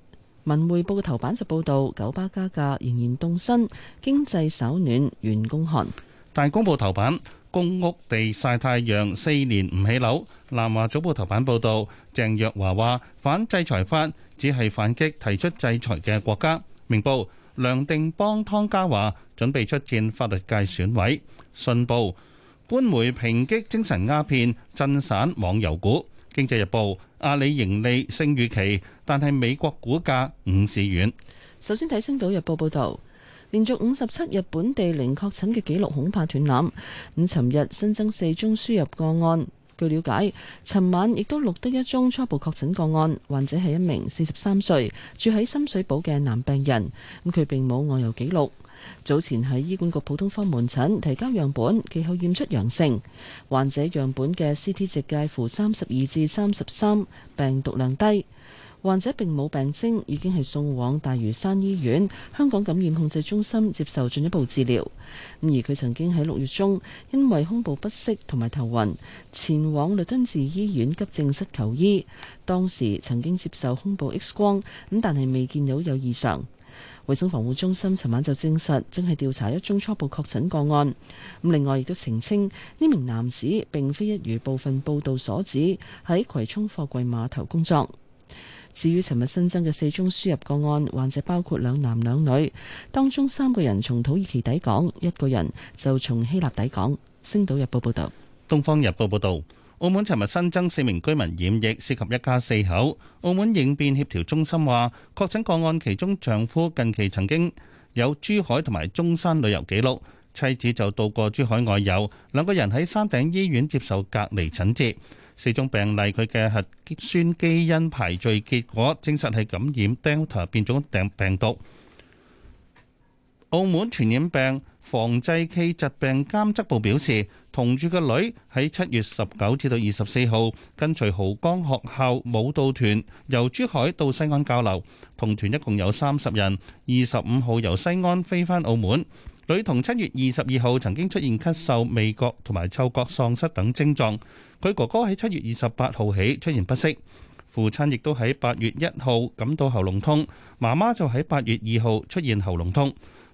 文匯報嘅頭版就報道，九巴加價仍然動身，經濟稍暖，員工寒。大公報頭版，公屋地曬太陽四年唔起樓。南華早報頭版報道，鄭若驊話反制裁法只係反擊提出制裁嘅國家。明報，梁定邦、湯家驊準備出戰法律界選委。信報，官媒抨擊精神鴉片，震散網遊股。經濟日報，阿里盈利勝預期，但係美國股價五市遠。首先睇《星島日報》報道，連續五十七日本地零確診嘅紀錄恐怕斷纜。咁、嗯，尋日新增四宗輸入個案。據了解，尋晚亦都錄得一宗初步確診個案，患者係一名四十三歲住喺深水埗嘅男病人，咁、嗯、佢並冇外遊記錄。早前喺醫管局普通科門診提交樣本，其後驗出陽性。患者樣本嘅 CT 值，介乎三十二至三十三，33，病毒量低。患者並冇病徵，已經係送往大嶼山醫院香港感染控制中心接受進一步治療。而佢曾經喺六月中，因為胸部不適同埋頭暈，前往律敦治醫院急症室求醫，當時曾經接受胸部 X 光，咁但係未見到有異常。衛生防護中心尋晚就證實，正係調查一宗初步確診個案。咁另外亦都澄清，呢名男子並非一如部分報道所指喺葵涌貨櫃碼頭工作。至於尋日新增嘅四宗輸入個案，患者包括兩男兩女，當中三個人從土耳其抵港，一個人就從希臘抵港。星島日報報道，東方日報報道。澳門尋日新增四名居民染疫，涉及一家四口。澳門應變協調中心話，確診個案其中丈夫近期曾經有珠海同埋中山旅遊記錄，妻子就到過珠海外遊，兩個人喺山頂醫院接受隔離診治。四宗病例佢嘅核酸基因排序結果證實係感染 Delta 變種病毒。澳門傳染病防制暨疾病監測部表示。同住嘅女喺七月十九至到二十四號跟隨濠江學校舞蹈團由珠海到西安交流，同團一共有三十人。二十五號由西安飛返澳門，女童七月二十二號曾經出現咳嗽、味覺同埋嗅覺喪失等症狀。佢哥哥喺七月二十八號起出現不適，父親亦都喺八月一號感到喉嚨痛，媽媽就喺八月二號出現喉嚨痛。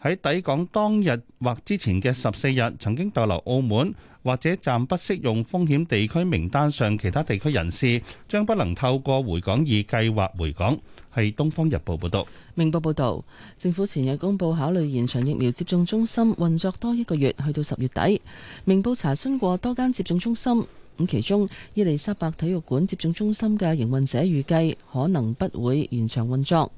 喺抵港當日或之前嘅十四日曾經逗留澳門或者暫不適用風險地區名單上其他地區人士，將不能透過回港易計劃回港。係《東方日報》報道，《明報》報道，政府前日公布考慮延長疫苗接種中心運作多一個月，去到十月底。明報查詢過多間接種中心，咁其中伊利沙伯體育館接種中心嘅營運者預計可能不會延長運作。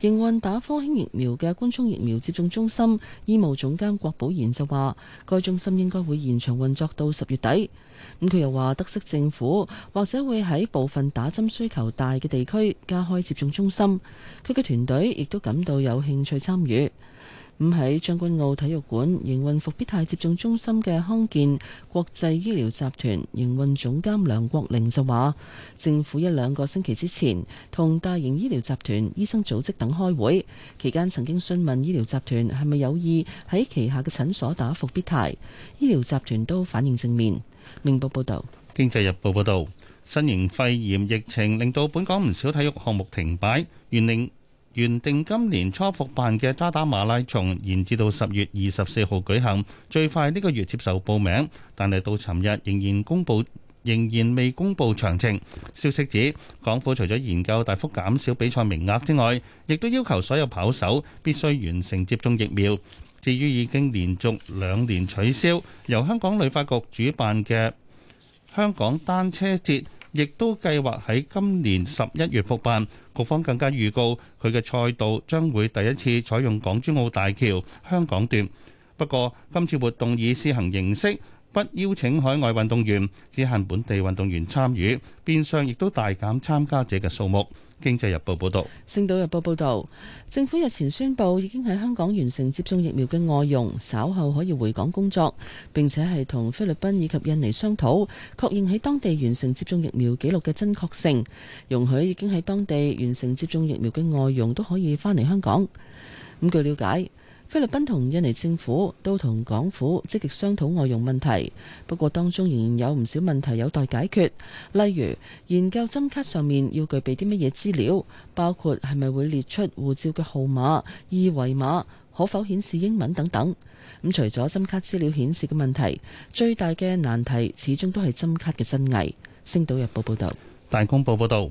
營運打科興疫苗嘅冠忠疫苗接種中心醫務總監郭寶賢就話，該中心應該會延長運作到十月底。咁，嗯，佢又話，得悉政府或者會喺部分打針需求大嘅地區加開接種中心，佢嘅團隊亦都感到有興趣參與。咁喺將軍澳體育館營運復必泰接種中心嘅康健國際醫療集團營運總監梁國寧就話，政府一兩個星期之前同大型醫療集團、醫生組織等開會，期間曾經詢問醫療集團係咪有意喺旗下嘅診所打復必泰，醫療集團都反應正面。明報報道，經濟日報報道，新型肺炎疫情令到本港唔少體育項目停擺，原定。原定今年初復辦嘅渣打馬拉松延至到十月二十四號舉行，最快呢個月接受報名，但係到尋日仍然公佈，仍然未公佈詳情。消息指，港府除咗研究大幅減少比賽名額之外，亦都要求所有跑手必須完成接種疫苗。至於已經連續兩年取消，由香港旅發局主辦嘅香港單車節。亦都計劃喺今年十一月復辦，局方更加預告佢嘅賽道將會第一次採用港珠澳大橋香港段。不過今次活動以試行形式，不邀請海外運動員，只限本地運動員參與，變相亦都大減參加者嘅數目。《經濟日報》報導，《星島日報》報導，政府日前宣布，已經喺香港完成接種疫苗嘅外傭，稍後可以回港工作。並且係同菲律賓以及印尼商討，確認喺當地完成接種疫苗記錄嘅真確性，容許已經喺當地完成接種疫苗嘅外傭都可以返嚟香港。咁據了解。菲律賓同印尼政府都同港府積極商討外傭問題，不過當中仍然有唔少問題有待解決，例如研究針卡上面要具備啲乜嘢資料，包括係咪會列出護照嘅號碼、二維碼，可否顯示英文等等。咁除咗針卡資料顯示嘅問題，最大嘅難題始終都係針卡嘅真偽。星島日報報道。大公報報道。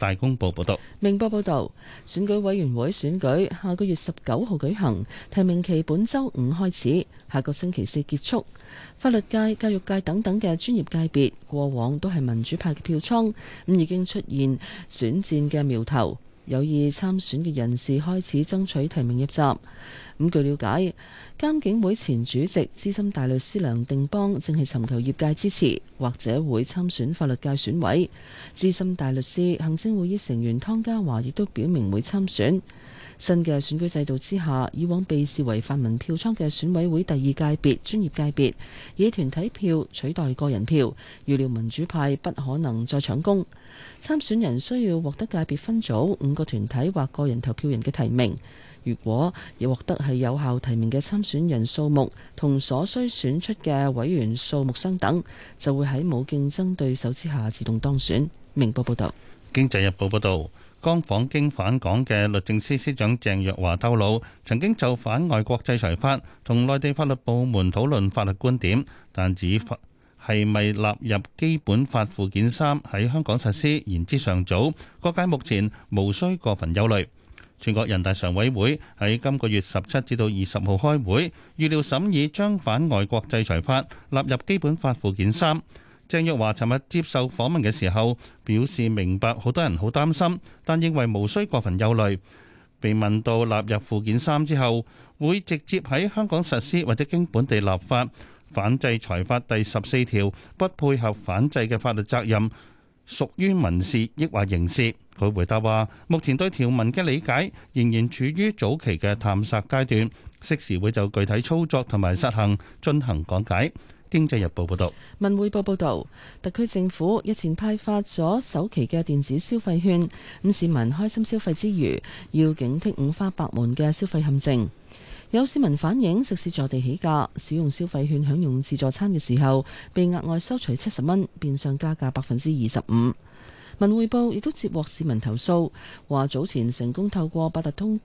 大公報報道，明報報道，選舉委員會選舉下個月十九號舉行，提名期本周五開始，下個星期四結束。法律界、教育界等等嘅專業界別，過往都係民主派嘅票倉，咁已經出現選戰嘅苗頭。有意參選嘅人士開始爭取提名入閘。咁據了解，監警會前主席資深大律師梁定邦正係尋求業界支持，或者會參選法律界選委。資深大律師行政會議成員湯家驊亦都表明會參選。新嘅選舉制度之下，以往被視為泛民票倉嘅選委會第二界別專業界別，以團體票取代個人票，預料民主派不可能再搶攻。參選人需要獲得界別分組、五個團體或個人投票人嘅提名。如果要獲得係有效提名嘅參選人數目同所需選出嘅委員數目相等，就會喺冇競爭對手之下自動當選。明報報導，《經濟日報》報導，剛訪京返港嘅律政司司長鄭若驊透露曾經就反外國制裁法同內地法律部門討論法律觀點，但指法。係咪納入基本法附件三喺香港實施，言之尚早，各界目前無需過分憂慮。全國人大常委會喺今個月十七至到二十號開會，預料審議將反外國制裁法納入基本法附件三。鄭若驊尋日接受訪問嘅時候表示，明白好多人好擔心，但認為無需過分憂慮。被問到納入附件三之後會直接喺香港實施，或者經本地立法。反制裁法第十四條不配合反制嘅法律責任，屬於民事抑或刑事？佢回答話：目前對條文嘅理解仍然處於早期嘅探索階段，適時會就具體操作同埋實行進行講解。經濟日報報道：「文匯報報道，特區政府日前派發咗首期嘅電子消費券，市民開心消費之餘，要警惕五花八門嘅消費陷阱。有市民反映，食肆，坐地起價，使用消費券享用自助餐嘅時候，被額外收取七十蚊，變相加價百分之二十五。文匯報亦都接獲市民投訴話，早前成功透過八達通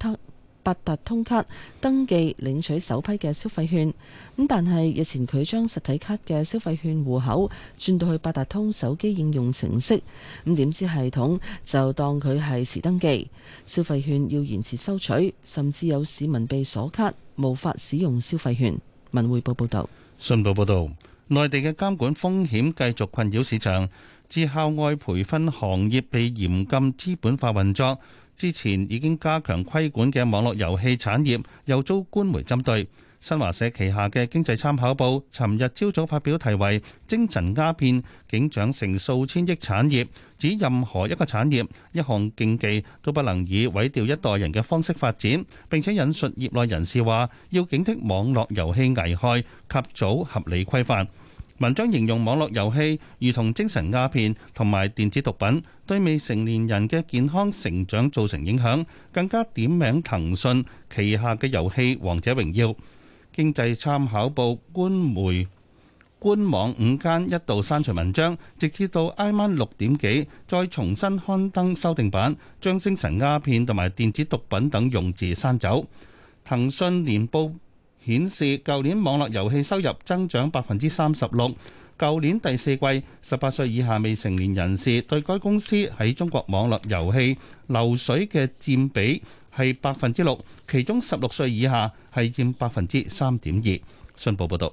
八達通卡登記領取首批嘅消費券，咁但係日前佢將實體卡嘅消費券戶口轉到去八達通手機應用程式，咁點知系統就當佢係遲登記，消費券要延遲收取，甚至有市民被鎖卡，無法使用消費券。文匯報報道，信報報道，內地嘅監管風險繼續困擾市場，至校外培訓行業被嚴禁資本化運作。之前已經加強規管嘅網絡遊戲產業又遭官媒針對，新華社旗下嘅經濟參考報尋日朝早發表題為《精神鴉片竟長成數千億產業》，指任何一個產業、一項競技都不能以毀掉一代人嘅方式發展，並且引述業內人士話：要警惕網絡遊戲危害，及早合理規範。文章形容網絡遊戲如同精神鴉片同埋電子毒品，對未成年人嘅健康成長造成影響，更加點名騰訊旗下嘅遊戲《王者榮耀》。經濟參考報官媒官網午間一度刪除文章，直至到挨晚六點幾再重新刊登修訂版，將精神鴉片同埋電子毒品等用字刪走。騰訊年報。顯示舊年網絡遊戲收入增長百分之三十六。舊年第四季，十八歲以下未成年人士對該公司喺中國網絡遊戲流水嘅佔比係百分之六，其中十六歲以下係佔百分之三點二。信報報導。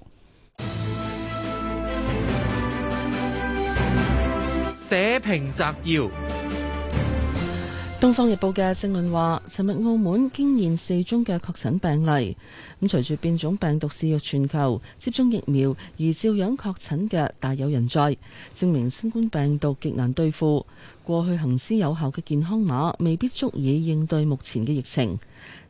社評摘要。《東方日報》嘅政論話，尋日澳門驚現四宗嘅確診病例。咁隨住變種病毒肆虐全球，接種疫苗而照樣確診嘅大有人在，證明新冠病毒極難對付。過去行之有效嘅健康碼未必足以應對目前嘅疫情。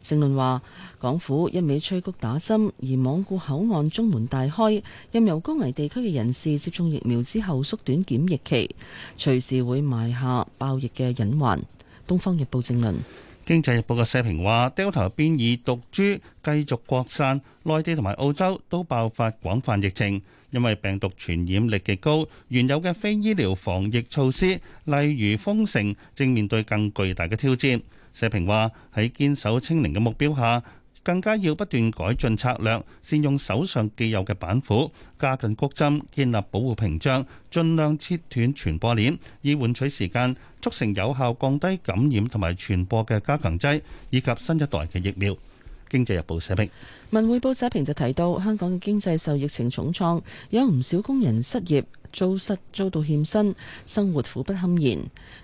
政論話，港府一味催谷打針，而罔顧口岸中門大開，任由高危地區嘅人士接種疫苗之後縮短檢疫期，隨時會埋下爆疫嘅隱患。《東方日報》正文：《經濟日報》嘅社評話，Delta 變異毒株繼續擴散，內地同埋澳洲都爆發廣泛疫情，因為病毒傳染力極高，原有嘅非醫療防疫措施，例如封城，正面對更巨大嘅挑戰。社評話喺堅守清零嘅目標下。更加要不斷改進策略，善用手上既有嘅板斧，加緊谷針，建立保護屏障，盡量切斷傳播鏈，以換取時間，促成有效降低感染同埋傳播嘅加強劑以及新一代嘅疫苗。經濟日報社評。文匯報社評就提到，香港嘅經濟受疫情重創，有唔少工人失業。租失遭到欠薪，生活苦不堪言。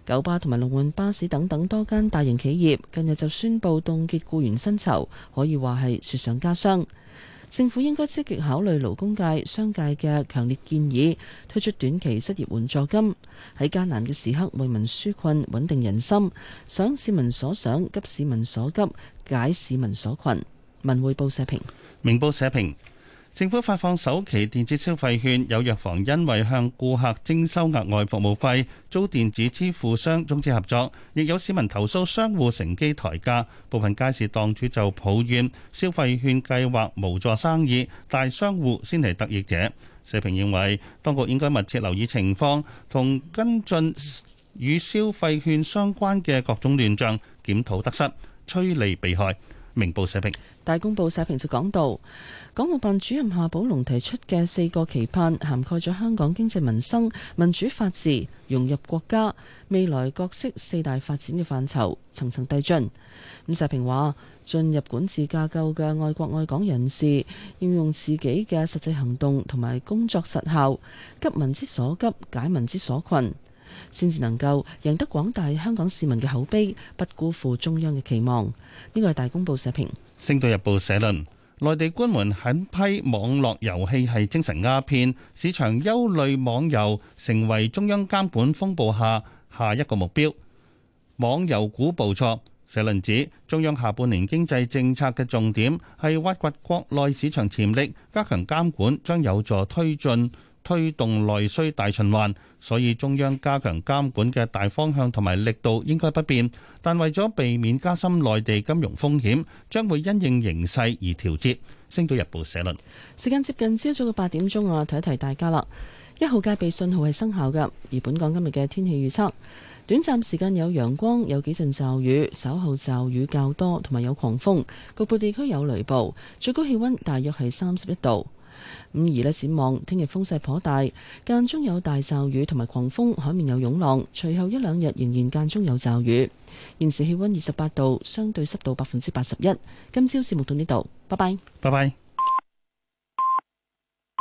九巴同埋龍運巴士等等多間大型企業近日就宣布，凍結僱員薪酬，可以話係雪上加霜。政府應該積極考慮勞工界、商界嘅強烈建議，推出短期失業援助金，喺艱難嘅時刻為民紓困，穩定人心，想市民所想，急市民所急，解市民所困。文匯報社評，明報社評。政府發放首期電子消費券，有藥房因為向顧客徵收額外服務費，遭電子支付商中止合作；亦有市民投訴商戶乘機抬價，部分街市檔主就抱怨消費券計劃無助生意，大商戶先嚟得益者。社評認為，當局應該密切留意情況，同跟進與消費券相關嘅各種亂象，檢討得失，趨利避害。明報社評大公報社評就講到，港澳辦主任夏寶龍提出嘅四個期盼涵蓋咗香港經濟民生、民主法治、融入國家未來角色四大發展嘅範疇，層層遞進。咁社評話，進入管治架構嘅愛國愛港人士，應用自己嘅實際行動同埋工作實效，急民之所急，解民之所困。先至能夠贏得廣大香港市民嘅口碑，不辜負中央嘅期望。呢個係《大公報》社評，《星島日報》社論。內地官員狠批網絡遊戲係精神鴉片，市場憂慮網遊成為中央監管風暴下下一個目標。網遊股暴挫，社論指中央下半年經濟政策嘅重點係挖掘國內市場潛力，加強監管將有助推進。推動內需大循環，所以中央加強監管嘅大方向同埋力度應該不變，但為咗避免加深內地金融風險，將會因應形勢而調節。星島日報社論。時間接近朝早嘅八點鐘，我提一提大家啦。一號戒備信號係生效嘅，而本港今日嘅天氣預測，短暫時間有陽光，有幾陣驟雨，稍後驟雨較多，同埋有狂風，局部地區有雷暴，最高氣温大約係三十一度。五而呢展望，聽日風勢頗大，間中有大驟雨同埋狂風，海面有湧浪。隨後一兩日仍然間中有驟雨。現時氣溫二十八度，相對濕度百分之八十一。今朝節目到呢度，拜拜，拜拜。